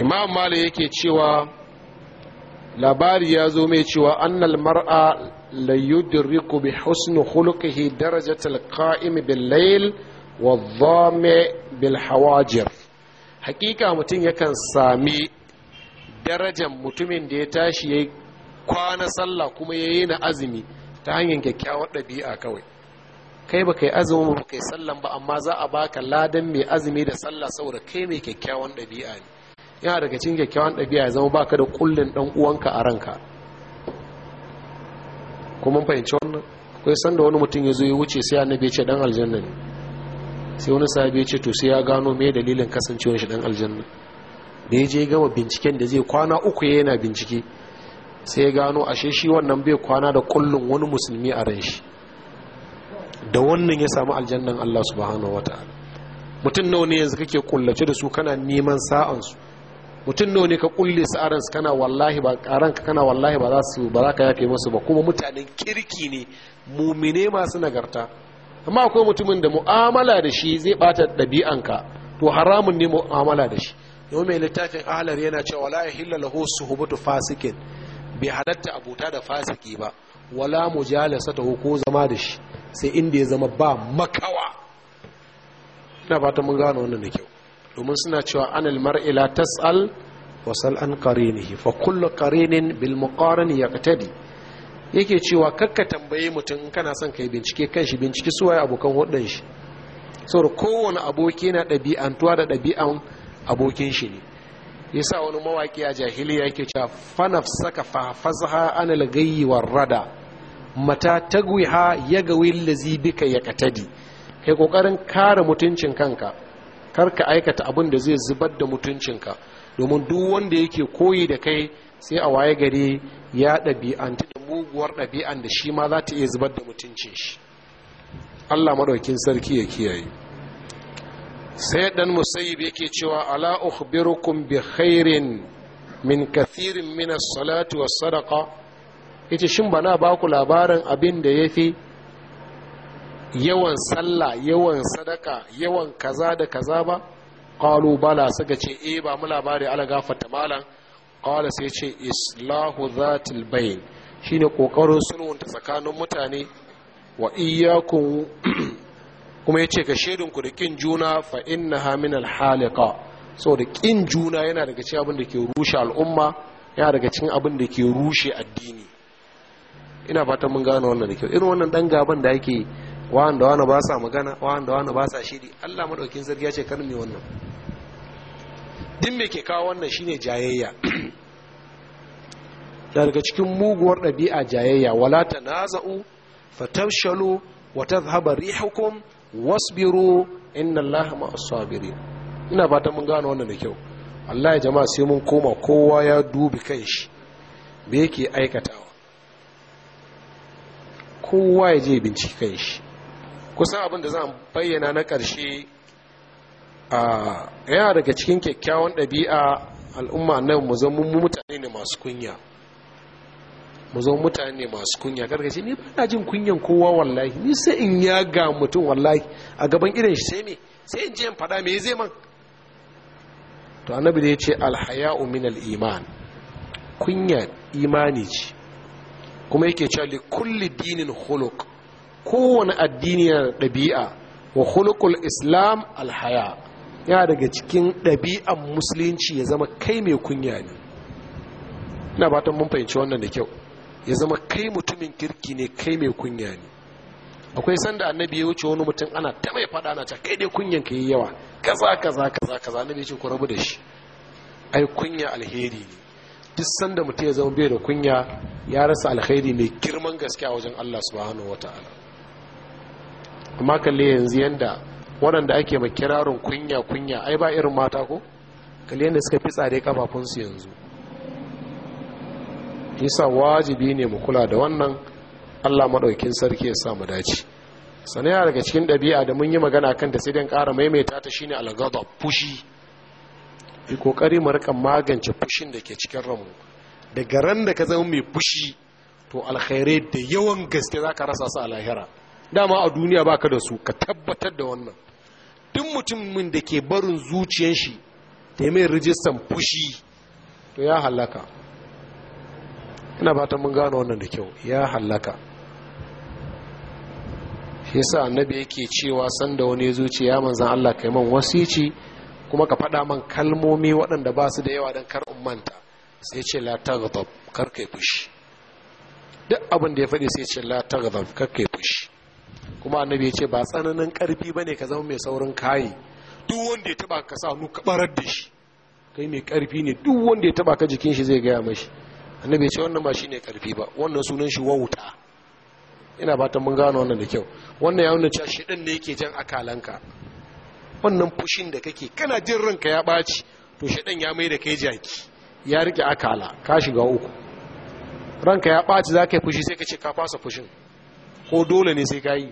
imam mali yake cewa labari ya zo mai cewa annal mar'a la yudriku bi husnu khuluqihi darajatal qa'im bil layl wa dhami bil hawajir hakika mutum yakan sami darajar mutumin da ya tashi ya kwana sallah kuma ya yi na azumi ta hanyar kyakkyawar ɗabi'a kawai kai ba kai azumi ba kai sallan ba amma za a baka ladan mai azumi da sallah saboda kai mai kyakkyawan ɗabi'a ne yana daga cikin kyakkyawan ɗabi'a ya zama baka da kullun ɗan uwanka a ranka kuma fahimci wannan akwai sanda wani mutum ya zo ya wuce sai annabi ya ce dan aljanna ne sai wani sahabi ya ce to sai ya gano me dalilin kasancewar shi dan aljanna da ya je gama binciken da zai kwana uku ya yana bincike sai ya gano ashe shi wannan bai kwana da kullun wani musulmi a ran shi da wannan ya samu aljannan Allah subhanahu wataala mutum nawa ne yanzu kake kullace da su kana neman sa'ansu mutum nawa ne ka kulle su aran su kana wallahi ba karan ka kana wallahi ba za su ba za ka yafe musu ba kuma mutanen kirki ne mumine masu nagarta amma akwai mutumin da mu'amala da shi zai bata ɗabi'anka to haramun ne mu'amala da shi yau mai littafin ahalar yana cewa la ya hilla lahu suhubatu fasikin bai halatta abota da fasiki ba wala mu mujalasa ta ko zama da shi sai inda ya zama ba makawa ina fata mun gano wannan da kyau domin suna cewa anil mar'i la tas'al wasal an qarinihi fa kullu qarinin bil muqarin yaqtadi yake cewa kakka tambaye mutum in kana son kai bincike kan shi su suwaye abokan hudun shi saboda kowane aboki na ɗabi'antuwa da ɗabi'an abokin shi ne yasa wani mawaki a jahiliya yake cewa fanaf saka fafazha anil gayyi rada mata tagwiha yagawi lazi bika yaqtadi kai kokarin kare mutuncin kanka karka aikata abin da zai zubar da mutuncinka domin duk wanda yake koyi da kai sai a waye gari ya ɗabi'anta da muguwar ɗabi'an da shi ma za ta iya zubar da mutuncin shi allah maɗaukin sarki ya kiyaye sai ɗan musayib yake cewa ala ukhbirukum bi khairin min kathirin min as-salati was-sadaqa yace shin bana baku labarin abin da yafi yawan sallah yawan sadaka yawan kaza da kaza ba qalu bala suka ce eh ba mu labari ala gafarta malam qala sai ce islahu zatil bayn shine kokarin sulhunta tsakanin mutane wa iyyakum (clears throat) kuma yace ka shedin ku da kin juna fa innaha min al haliqa da kin juna yana daga cikin abin da ke rushe al'umma yana daga cikin abin da ke rushe addini ina fatan mun gane wannan da kyau irin wannan dan gaban da yake wanda wani ba sa magana wanda wani ba sa shiri Allah maɗaukin zargi ya ce kar wannan din me ke kawo wannan shine jayayya (clears throat) daga cikin muguwar ɗabi'a jayayya wala tanaza'u fatafshalu wa hukum wasu wasbiru inna Allaha ma'as sabirin ina fatan mun gano wannan da kyau Allah ya jama'a sai mun koma kowa ya dubi kanshi me yake aikatawa kowa ya je bincike kanshi kusan abin da zan bayyana na ƙarshe yana daga cikin kyakkyawan ɗabi'a al'umma nan mu zama mutane ne masu kunya mu zama mutane ne masu kunya gargashi ni ba na jin kunyan kowa wallahi ni sai in ya ga mutum wallahi a gaban irin shi sai me sai in je in faɗa me zai man to annabi da ya ce alhaya'u min al-iman kunya imani ce kuma yake cewa li kulli dinin khuluq kowane addini na da ɗabi'a wa hulukul islam alhaya yana daga cikin ɗabi'an musulunci ya zama kai mai kunya ne ina batan mun fahimci wannan da kyau ya zama kai mutumin kirki ne kai mai kunya ne akwai sanda annabi ya wuce wani mutum ana ta mai fada na ta kai dai kunyan ka yi yawa kaza kaza kaza kaza annabi ya ce rabu da shi ai kunya alheri ne duk sanda mutum ya zama bai da kunya ya rasa alheri mai girman gaske a wajen Allah subhanahu wataala amma kalle yanzu yanda waɗanda ake ma kirarin kunya kunya ai ba irin mata ko kalle yanda suka fi tsare kafafunsu yanzu isa wajibi ne mu kula da wannan Allah maɗaukin sarki ya sa mu dace sanaya daga cikin ɗabi'a da mun yi magana kan da sai dan ƙara maimaita ta shine al-ghadab fushi yi kokari mu rika magance fushin da ke cikin ramu daga ran da ka zama mai fushi to alkhairai da yawan gaske za ka rasa su a lahira dama a duniya baka da su ka tabbatar da wannan duk mutumin da ke barin zuciyar shi ta yi mai rijistan fushi to ya halaka ina ba ta mun gano wannan da kyau ya halaka shi sa annabi yake cewa sanda wani ya zuci ya manzan Allah kai man wasici kuma ka faɗa man kalmomi waɗanda ba su da yawa don kar manta sai ce la taghdab kar kai fushi duk abin da ya faɗi sai ce la taghdab kar kai kuma annabi ya ce ba tsananin karfi ba ne ka zama mai saurin kayi duk wanda ya taba ka sa hannu ka barar da shi kai mai karfi ne duk wanda ya taba ka jikin shi zai gaya mashi annabi ya ce wannan ba shine karfi ba wannan sunan shi wauta ina ta mun gano wannan da kyau wannan ya nuna cewa ɗin ne yake jan akalanka wannan fushin da kake kana jin ranka ya ɓaci to shaɗan ya mai da kai jaki ya rike akala ka shiga uku ranka ya ɓaci za ka yi fushi sai ka ce ka fasa fushin ko dole ne sai ka yi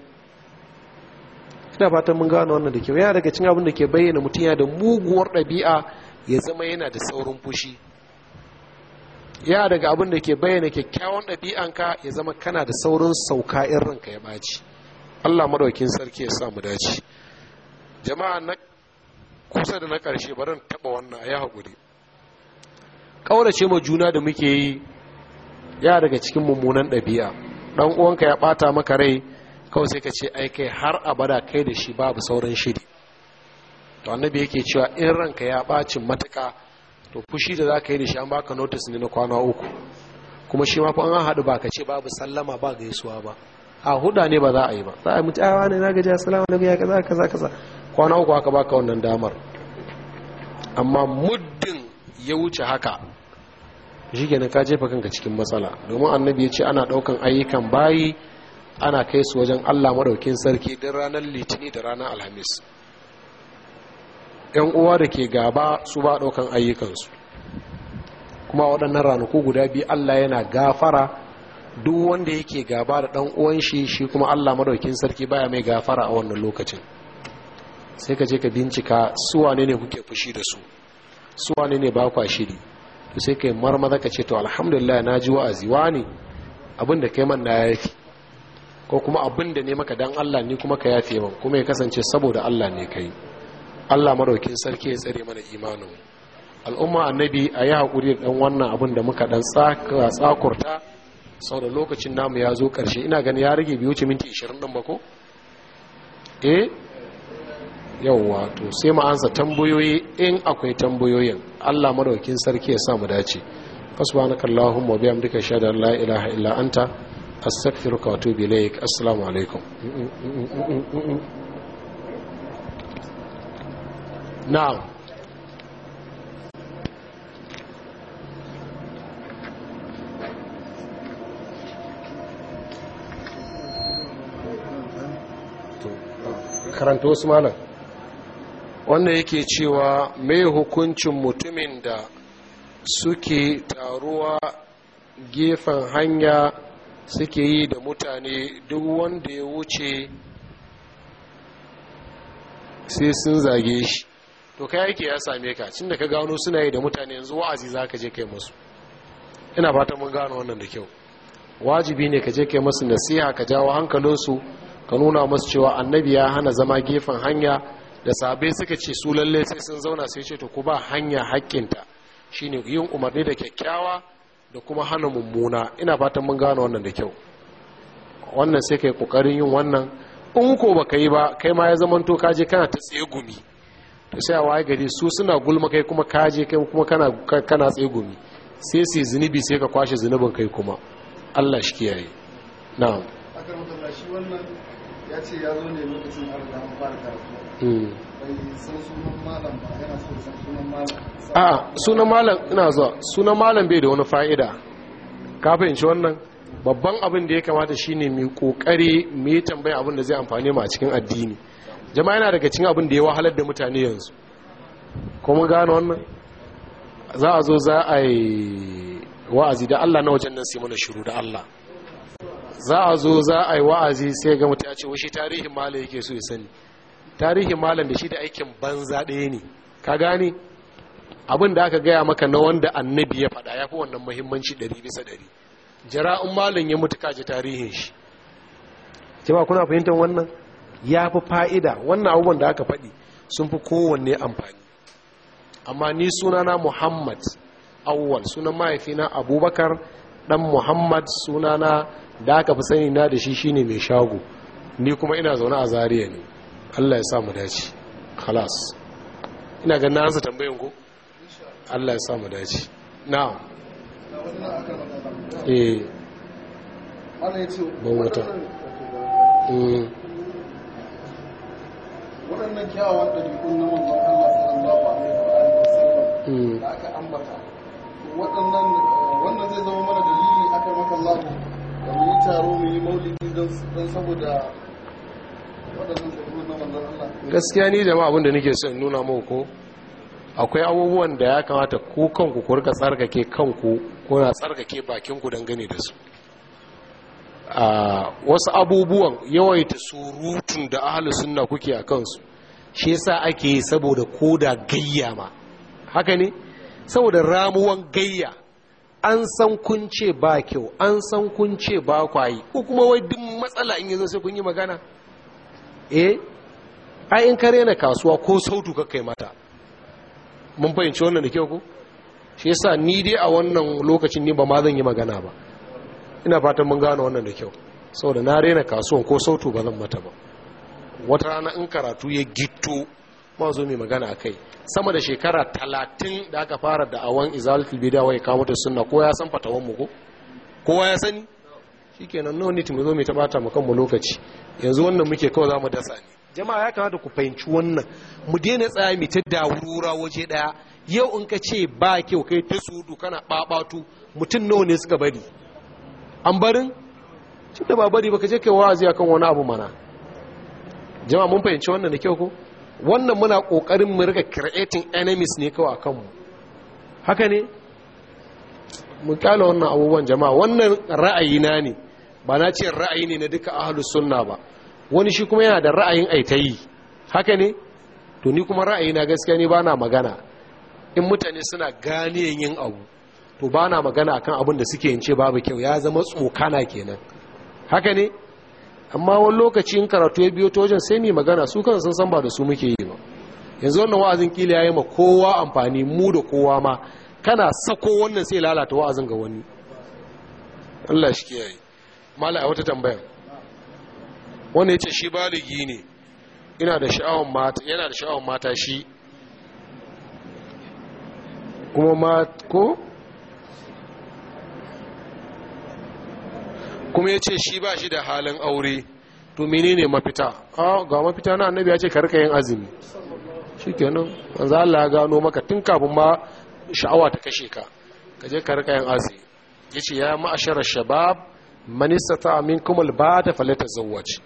ina fatan mun gano wannan da kyau yana daga cikin abin da ke bayyana mutum yana da muguwar ɗabi'a ya zama yana da saurin fushi yana daga abin da ke bayyana kyakkyawan ɗabi'anka ya zama kana da saurin sauka in ranka ya ɓaci allah maɗaukin sarki ya sa dace jama'a na kusa da na ƙarshe barin taɓa wannan a ya haƙuri ƙaurace ma juna da muke yi ya daga cikin mummunan ɗabi'a ɗan uwanka ya ɓata maka rai kawai sai ka ce ai kai har abada kai da shi babu sauran shiri to annabi yake cewa in ranka ya bacin matuka to fushi da za ka yi da shi an baka notice ne na kwana uku kuma shi ma an haɗu ba ka ce babu sallama ba gaisuwa ba a huda ne ba za a yi ba za a yi mutu awa ne na gaji salama na biya kaza kaza kaza kwana uku aka baka wannan damar amma muddin ya wuce haka shi kenan ka jefa kanka cikin matsala domin annabi ya ce ana ɗaukan ayyukan bayi ana kai su wajen allah maɗaukin sarki don ranar litini da ranar alhamis yan uwa da ke gaba su ba ɗaukan ayyukansu kuma waɗannan ranaku guda biyu allah yana gafara duk wanda yake gaba da ɗan uwan shi shi kuma allah maɗaukin sarki baya mai gafara a wannan lokacin sai ka je ka bincika su wane ne kuke fushi da su Su wane ne ba kwa shiri to sai ka yi marmaza ka ce to alhamdulillah na ji wa'azi wani abin da kai man na yafi ko kuma abin da ne maka dan Allah ni kuma ka yafe min kuma ya kasance saboda Allah ne kai Allah maraukin sarki ya tsare mana imanin al'umma annabi a yi haƙuri da wannan abin da muka ɗan tsakurta sau da lokacin namu ya zo ƙarshe ina gani ya rage biyu ci minti ishirin ɗin bako. e eh? yauwa sai mu ansa tambayoyi in akwai tambayoyin allah maraukin sarki ya sa mu dace fasbanakallahumma biyam duka shaidar la ilaha illa anta astaghfiruka wa atubu السلام عليكم alaikum karanta wasu malam wanda yake cewa mai hukuncin mutumin da suke taruwa gefen hanya suke yi da mutane duk wanda ya wuce sai sun zage shi to kai yake ya same ka cin da ka gano suna yi da mutane yanzu wa'azi za ka je kai masu ina fata mun gano wannan da kyau wajibi ne ka je kai masu nasiha ka jawo hankalinsu ka nuna masu cewa annabi ya hana zama gefen hanya da sabai suka ce su lalle sai sun zauna sai ce to ku ba hanya haƙƙinta shine yin umarni da kyakkyawa da kuma hana mummuna ina fatan mun gane wannan da kyau wannan sai kai kokarin yin wannan in ko baka yi ba kai ma ya zamanto kaje kana ta tsaye gumi to sai a waye gari su suna gulma kai kuma kaje kai kuma kana kana tsaye gumi sai su zunubi sai ka kwashe zunubin kai kuma Allah shi kiyaye na'am akar mutalla shi wannan ya ce ya zo ne lokacin Allah an fara karatu hmm. a sunan malam ina zuwa sunan malam bai da wani fa'ida ka fahimci wannan babban abin da ya kamata shine mai kokari mai tambaya abin da zai amfane mu a cikin addini jama'a yana daga cikin abin da ya wahalar da mutane yanzu kuma gano wannan za a zo za a yi wa'azi da Allah na wajen nan sai mana shiru da Allah za a zo za a yi wa'azi sai ga mutum ya ce washi tarihin malai yake so ya sani tarihin malam da shi da aikin banza ɗaya ne ka gane abin da aka gaya maka na wanda annabi ya faɗa ya fi wannan muhimmanci ɗari bisa ɗari jira'un malam ya mutu kaji tarihin shi jama'a kuna fahimtar wannan ya fi fa'ida wannan abubuwan da aka faɗi sun fi kowanne amfani amma ni sunana muhammad awwal sunan mahaifina abubakar ɗan muhammad sunana da aka fi sani na da shi shine mai shago ni kuma ina zaune a Zariya ne Allah ya sa mu dace khalas ina ga na ansa tambayan ku Allah ya sa mu dace na'am eh wannan yace bawata eh. waɗannan da ɗariƙun na manzon Allah sallallahu alaihi wa sallam hmm. da aka ambata waɗannan eh, wannan zai zama mana dalili akan maka Allah da mu yi taro mu yi maulidi don saboda gaskiya ni abin da nake son nuna muku ko akwai abubuwan da ya kamata ku kanku ku rika tsarkake kanku ko na tsarkake ku dangane da su a wasu abubuwan yawaita surutun da ahalus sunna kuke a kansu shi yasa ake yi saboda ko da gayya ma haka ne saboda ramuwan gayya an san kun ce ba kyau an san kun ce ba kwayi ko kuma wai duk matsala in yazo sai kun yi magana eh ai in ka rena kasuwa ko sautu ka kai mata mun fahimci wannan da kyau ko shi yasa ni dai a wannan lokacin ni ba ma zan yi magana ba ina fatan mun gano wannan da kyau saboda na rena kasuwan ko sautu ba zan mata ba wata rana in karatu ya gitto ma zo mai magana a kai sama da shekara talatin da aka fara da awon izalatul bidawa ya kawo ta sunna ko ya san fatawan mu ko kowa ya sani shikenan nawa ne mu zo mu ta mu kanmu lokaci yanzu wannan muke kawai zamu dasa ne jama'a ya kamata ku fahimci wannan mu daina tsaya mu ta dawurura waje daya yau in ka ce ba kyau kai ta sudu kana babatu mutum nawa ne suka bari an barin babari ba bari ka je kai wa'azi akan wani abu mana jama'a mun fahimci wannan da kyau ko wannan muna kokarin mu rika creating enemies ne kawai akan mu haka ne mu kyala wannan abubuwan jama'a wannan ra'ayina ne ba na ce ra'ayi ne na duka ahlus sunna ba wani shi kuma yana da ra'ayin aitayi haka ne to ni kuma ra'ayi na gaskiya ne bana magana in mutane suna gane yin abu to bana magana akan abin da suke yin ce babu kyau ya zama tsokana kenan haka ne amma wani lokaci in karatu ya biyo ta wajen sai mai magana su kan sun san ba da su muke yi ba yanzu wannan wa'azin kila ya yi ma kowa amfani mu da kowa ma kana sako wannan sai lalata wa'azin ga wani Allah shi kiyaye mala a wata tambayar wani ya ce shi baligi ne yana da sha'awar mata shi kuma ma ko kuma ya ce shi ba shi da halin aure to ne mafita a ga mafita na annabi ya ce ka yin azumi shi nan manzo Allah gano maka tun kafin ma sha'awa ta kashe ka ka je yin azumi yace ya ma'ashara shabab manistata min kumal ba ta falata zawwaci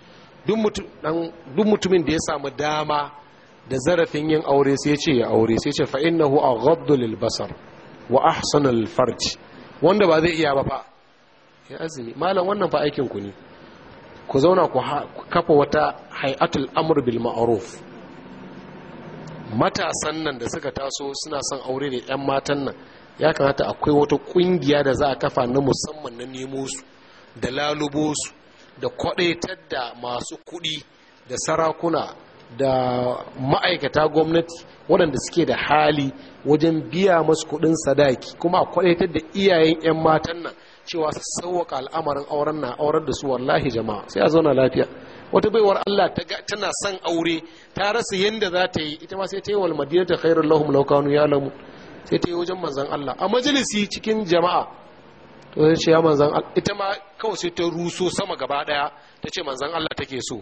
duk mutumin da ya samu dama da zarafin yin aure sai ce ya aure sai ce fa'inahu a gabdulil basar wa ahsanul farji wanda ba zai iya ba fa ya azumi malam wannan fa aikin ku ne ku zauna ku kafa wata hay'atul amur bil ma'ruf matasan nan da suka taso suna son aure da 'yan matan nan ya kamata akwai wata kungiya da za a kafa na musamman na nemo su da lalubosu da kwadaitar da masu kuɗi da sarakuna da ma'aikata gwamnati waɗanda suke da hali wajen biya masu kuɗin sadaki kuma a kwadaitar da iyayen 'yan matan nan cewa su sauwaka al'amarin auren na auren da su wallahi jama'a sai a zauna lafiya wata baiwar Allah tana son aure ta rasa yadda za ta yi ita ma sai ta yi wal madinata khairun lahum laukanu ya lamu, sai ta yi wajen manzon Allah a majalisi cikin jama'a to sai ce ya manzan ita ma kawai sai ta ruso sama gaba daya ta ce manzan Allah take so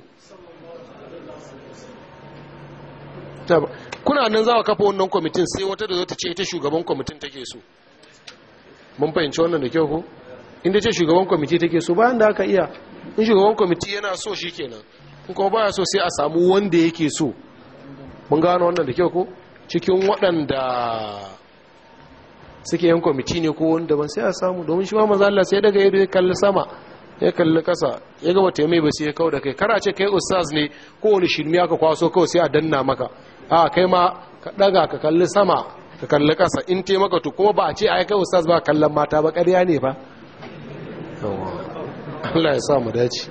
kuna nan za a kafa wannan kwamitin sai wata da zata ce ita shugaban kwamitin take so mun fahimci wannan da kyau ko inda ce shugaban kwamiti take so bayan da aka iya in shugaban kwamiti yana so shi kenan in kuma baya so sai a samu wanda yake so mun gano wannan da kyau ko cikin waɗanda suke yan kwamiti ne ko wani daban sai a samu domin shi ma maza Allah sai daga yadda ya kalli sama ya kalli kasa ya ga bata mai ba sai ya kawo da kai kara ce kai ustaz ne ko wani shirmi aka kwaso kawo sai a danna maka a kai ma ka daga ka kalli sama ka kalli kasa in te maka to kuma ba a ce ai kai ustaz ba kallon mata ba ƙarya ne ba Allah ya sa mu dace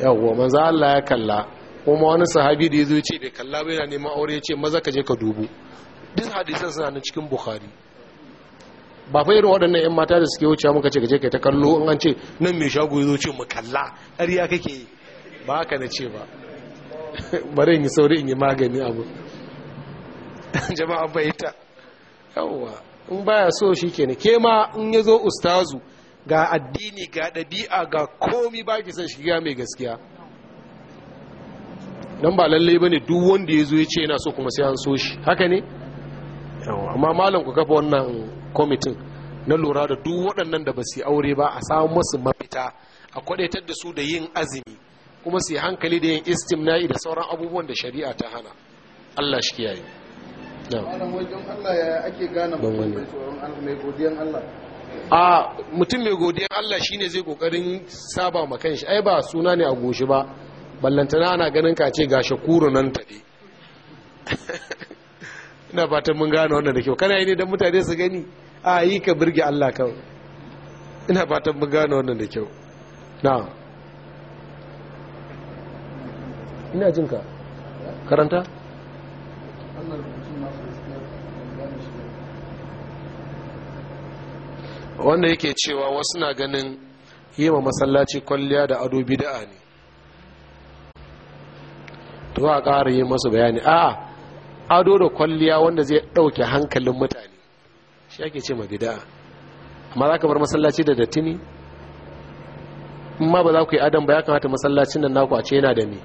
yawwa manzo Allah ya kalla kuma wani sahabi da ya zo ya ce bai kalla ba yana neman aure ya ce maza ka je ka dubu duk hadisan suna nan cikin bukhari ba fa irin waɗannan yan mata da suke wuce muka ce gaje kai ta kallo in an ce nan mai shago ya zo ce mu kalla ƙarya kake yi ba haka na ce ba (laughs) bari in yi sauri in yi magani abu (laughs) jama'a bai ta yawwa in baya so shi kenan ke ma in ya zo ustazu ga addini ga ɗabi'a ga komi ba ki san shiga mai gaskiya don ba lallai ba ne duk wanda ya zo ya ce yana so kuma sai an so shi haka ne amma malam ku kafa wannan kwamitin na lura da duk waɗannan da ba su aure ba a samu masu mafita a kwadaitar da su da yin azumi kuma su yi hankali da yin istimna'i da sauran abubuwan da shari'a ta hana Allah shi kiyaye a mutum mai godiyan Allah shi ne zai kokarin saba ma kanshi ai ba suna ne a goshi ba ballantana ana ganin ka ce ga shakuru nan tafi (laughs) ina fatan mun gane wannan da kyau kana yi ne don mutane su gani a yi ka birge Allah kawai ina fatan mun gane wannan da kyau na ina jin ka karanta wanda yake cewa wasu na ganin yi ma masallaci kwalliya da ado bida'a ne to a ƙara yi masu bayani a ado da kwalliya wanda zai ɗauke hankalin mutane shi ake ce ma bida'a amma za ka bar masallaci da datti ne in ma ba za ku yi adam ba ya kamata masallacin nan naku a ce yana da me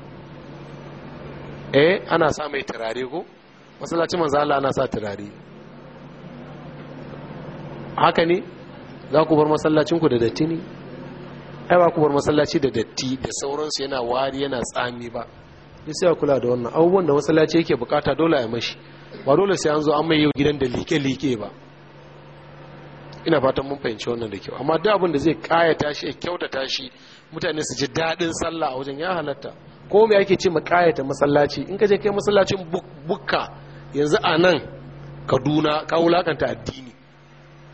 eh ana sa mai turare ko masallacin manzo Allah ana sa turare haka ne za ku bar masallacin ku da datti ne ai ba ku bar masallaci da datti da sauransu yana wari yana tsami ba ni sai kula da wannan abubuwan da masallaci yake bukata dole a mashi ba dole sai an zo an mai yau gidan da like-like ba ina fatan mun fahimci wannan da kyau amma duk abin da zai kayata shi ya kyautata shi mutane su ji daɗin sallah a wajen ya halatta ko me ake ce mu kayata masallaci in ka je kai masallacin bukka yanzu a nan kaduna ka wulakanta addini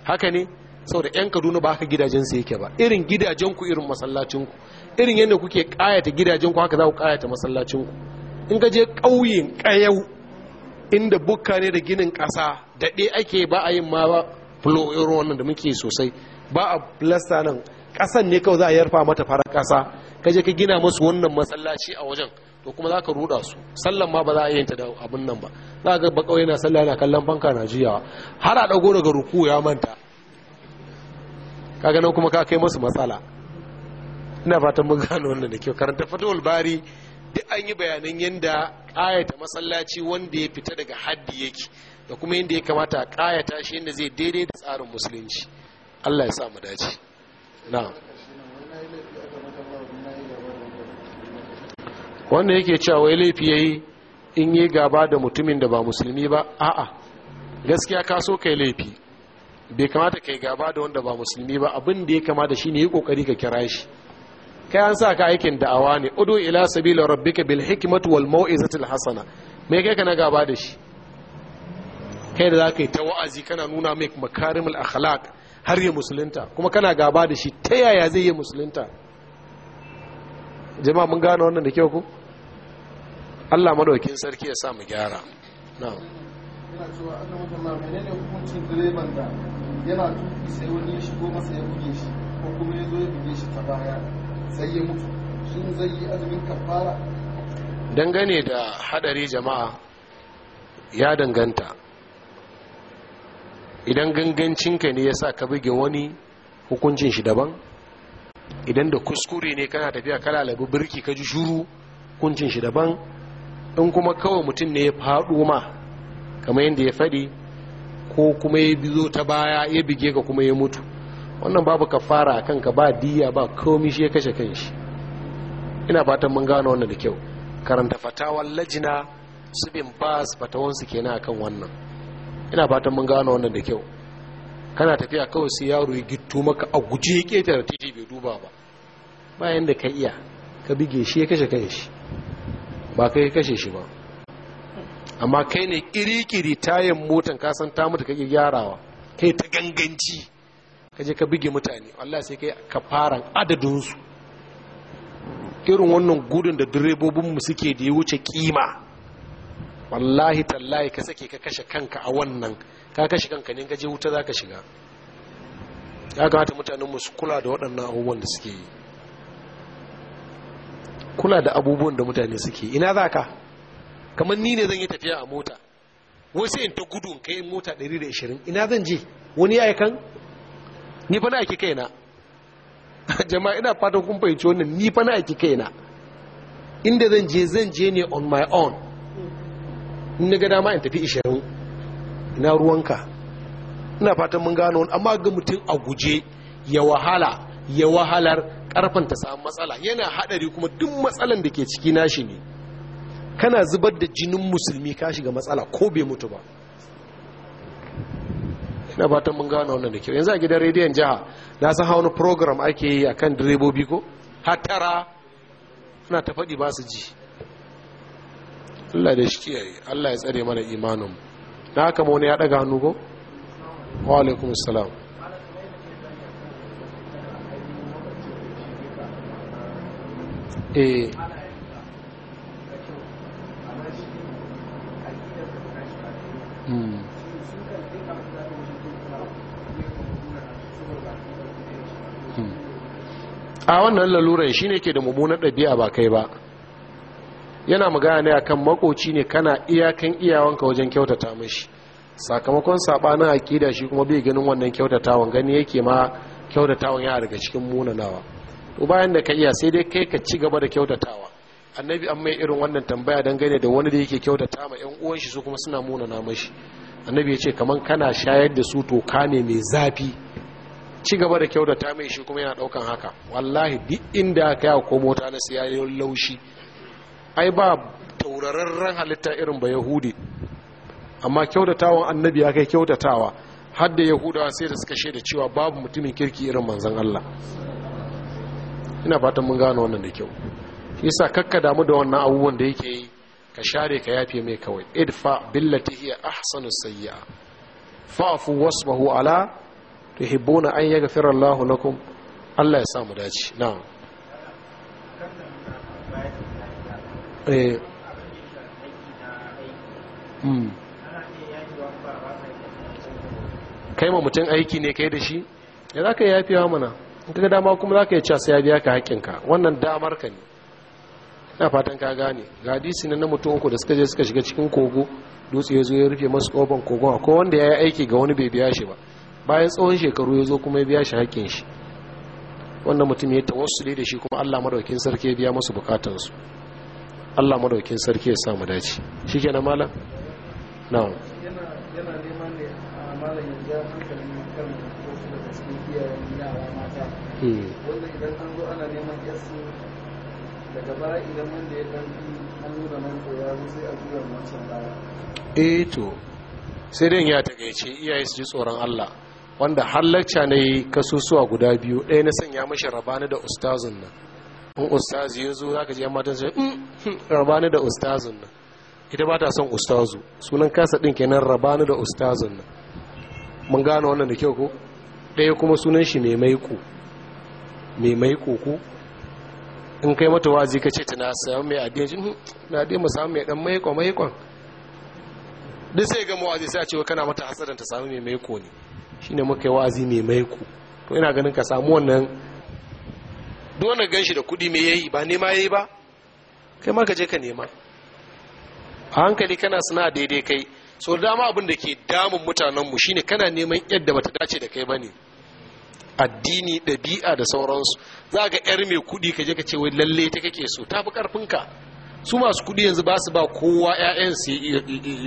haka ne saboda yan kaduna ba haka gidajen su yake ba irin gidajen ku irin masallacin ku irin yadda kuke kayata gidajen ku haka za ku kayata masallacin ku in ka je ƙauyen ƙayau inda bukka ne da ginin ƙasa daɗe ake ba a yin ma ba fulo irin wannan da muke sosai ba a filasta nan kasan ne kawai za a yarfa mata fara kasa kaje ka gina musu wannan masallaci a wajen to kuma za ka ruɗa su sallan ma ba za a yi ta da abin nan ba za ga ba na yana sallah yana kallon fanka na jiyawa har a dago daga ruku ya manta ka ganin kuma ka kai musu matsala ina fatan mun gano wannan da kyau karanta fatul bari duk an yi bayanan yadda ayata masallaci wanda ya fita daga haddi yake da kuma yadda ya kamata a ƙayata shi yadda zai daidai da tsarin musulunci allah ya sa mu dace na wanda yake cewa wai laifi ya yi in yi gaba da mutumin da ba musulmi ba a'a gaskiya ka so kai laifi bai kamata kai gaba da wanda ba musulmi ba abin da ya kamata shi ne yi kokari ka kira shi kai an sa ka aikin da'awa ne udu ila sabila rabbika bil hikmati wal mau'izati hasana me kai ka na gaba da shi kai da za ka yi ta wa'azi kana nuna mai makarim akhlaq har yi musulunta kuma kana gaba da shi ta yaya zai yi musulunta jama'a mun gane wannan da kyau ku Allah madaukin sarki ya sa mu gyara na. wani dangane da hadari jama'a ya danganta idan gangancinka ne ya sa ka buge wani hukuncin shi daban idan da kuskure ne kana tafiya kala labi birki ka ji shuru hukuncin shi daban in kuma kawai mutum ne ya faɗo ma kamar yadda ya faɗi ko kuma ya bizo ta baya ya buge ka kuma ya mutu wannan babu ka fara akan ka ba diya ba komi shi ya kashe kanshi ina fatan mun gano wannan da kyau karanta fatawan lajina su bin bas fatawansu kenan akan wannan ina fatan mun gano wannan da kyau kana tafiya kawai sai yaro ya gitto maka a guje ya keta da titi bai duba ba bayan da ka iya ka bige shi ya kashe kai shi ba kai kashe shi ba amma kai ne kirikiri tayin motan ka san ta mutu kake gyarawa kai ta ganganci ka je ka bige mutane Allah sai kai ka fara adadin su irin wannan gudun da direbobin mu suke da ya wuce kima wallahi tallahi ka sake ka kashe kanka a wannan ka kashe kanka ne gaji wuta za ka shiga ya kamata mutanen su kula da waɗannan abubuwan da suke yi kula da abubuwan da mutane suke ina za ka kamar ni ne zan yi tafiya a mota wasu yin ta gudun kai mota 120 ina zan je wani ya kan ni fa na aiki kaina (laughs) jama'a ina fatan kun fahimci wannan ni fa na aiki kaina inda zan je zan je ne on my own in na ga dama in tafi ishirin ina ruwanka ina fatan mun gano amma ga mutum a guje ya wahala ya wahalar karfan ta samu matsala yana hadari kuma duk matsalan da ke ciki nashi ne kana zubar da jinin musulmi ka shiga matsala ko bai mutu ba ina fatan mun gano wannan da kyau yanzu a gidan rediyon jiha na san hawa program ake yi akan direbobi ko hatara suna ta faɗi ba su ji Allah da shi kiyaye Allah ya tsare mana imanin na haka wani ya daga hannu ko wa alaikum assalam eh hmm. Hmm. a wannan laluran shine ke da mummunar ɗabi'a ba kai ba yana magana ne akan makoci ne kana iyakan iyawanka wajen kyautata mashi sakamakon sabanin akida shi kuma bai ganin wannan kyautatawan gani yake ma kyautatawan ya daga cikin munanawa to bayan da ka iya sai dai kai ka ci gaba da kyautatawa annabi an mai irin wannan tambaya gane da wani da yake kyautata ma yan uwan shi su kuma suna munana mashi annabi ya ce kaman kana shayar da su toka ne mai zafi ci gaba da kyautata mai shi kuma yana daukan haka wallahi duk inda ka yawo ko mota na siyayen laushi ai ba ran halitta irin ba yahudi amma kyautatawan annabi ya kai kyautatawa har da yahudawa sai da suka shaida cewa babu mutumin kirki irin manzan Allah ina fatan mun gano wannan da kyau yasa kakka damu da wannan abubuwan da yake yi ka share ka yafe mai kawai idfa billati hiya ahsanu sayyi'a fa'fu wasbahu ala tuhibbuna an yaghfira Allahu lakum Allah ya sa mu dace na'am Eh. Hmm. kai ma mutum aiki ne kai da shi ya za ka yafi yawa mana in dama kuma za ka yi casa ya biya ka haƙinka wannan damar ka ne na fatan ka gane ga disi na mutum uku da suka je suka shiga cikin kogo dutse ya zo ya rufe masu ƙofan kogon akwai wanda ya yi aiki ga wani bai biya shi ba bayan tsawon shekaru ya zo kuma ya biya shi haƙin shi wannan mutum ya tawassule da shi kuma Allah madaukin sarki ya biya masu bukatansu Allah madaukin sarki ya samu dace na malam na'am yana neman ne a malam yanzu hankalin kan wasu daga cikin iyayen yara mata hmm. wanda idan an zo ana neman yasu daga baya idan wanda ya dan hannu da manko ya zo sai a juya wancan baya eh to sai dai ya takaice iyaye su ji tsoron Allah wanda halacca ne kasusuwa guda biyu ɗaya na sanya mashi rabani da ustazun nan in ustazi ya zo zaka ji yan matan sai mm, hmm, rabani da ustazun nan ita ba ta son ustazu sunan kasa din kenan rabani da ustazun nan mun gane wannan da kyau ko ɗaya kuma sunan shi mai maiko mai maiko ko in kai mata wazi ka ce tana samu mai addini mm, na dai mu samu mai dan maiko maikon duk sai ga wazi sai a ce kana mata hasadan ta samu mai maiko ne shine muka yi wazi mai maiko to ina ganin ka samu wannan duk gan ganshi da kuɗi me yayi ba nema yayi ba kai ma ka je ka nema a hankali kana suna daidai kai so dama abin da ke damun mutanen mu shine kana neman yadda bata dace da kai bane addini ɗabi'a da sauransu za ka yar mai kuɗi ka je ka ce wai lalle ta kake so tafi fi ka su masu kuɗi yanzu ba su ba kowa ƴaƴan su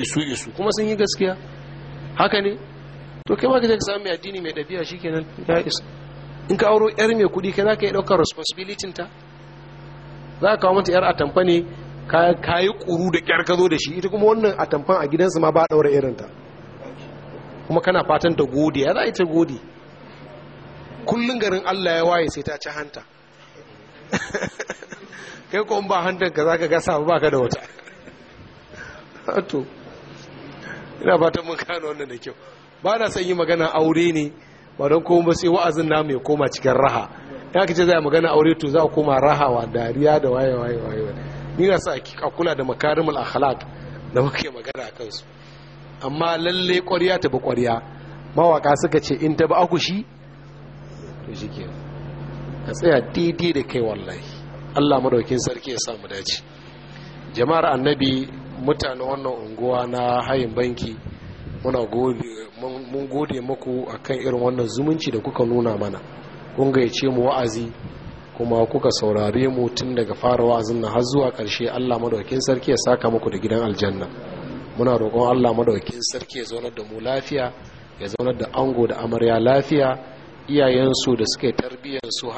isu isu kuma sun yi gaskiya haka ne to kai ma ka je ka samu mai addini mai ɗabi'a shikenan ya isa in ka auro yar mai kuɗi kai za ka yi ɗaukar responsibility ta za ka kawo mata yar atamfa ne ka yi ƙuru da ƙyar ka zo da shi ita kuma wannan atamfan a gidansu ma ba a ɗaura ta. kuma kana fatan ta gode ya za a yi ta gode kullum garin allah ya waye sai ta ci hanta (laughs) kai ko ba hantar ka za ka gasa ba ka da wata (laughs) ina fatan mun kano wannan da kyau ba na son yi magana aure ne ba don kuma sai wa'azin namu ya koma cikin raha ya kace zai magana aure to za a koma raha wa dariya da waye waye waye ni na sa a kula da makarimul akhlaq da muke magana a kansu amma lalle ƙwarya ta bi ƙwarya mawaka suka ce in ta bi akushi to shike a tsaya daidai da kai wallahi Allah madaukin sarki ya sa mu dace jama'ar annabi mutanen wannan unguwa na hayin banki mun gode muku akan irin wannan zumunci da kuka nuna mana kun gayyace mu wa'azi kuma kuka saurare mu tun daga fara wa'azin na har zuwa ƙarshe Allah madaukakin sarki ya saka muku da gidan aljanna muna roƙon Allah madaukakin sarki ya zaunar da mu lafiya ya zaunar da ango da amarya lafiya iyayensu da suka yi tarbiyyar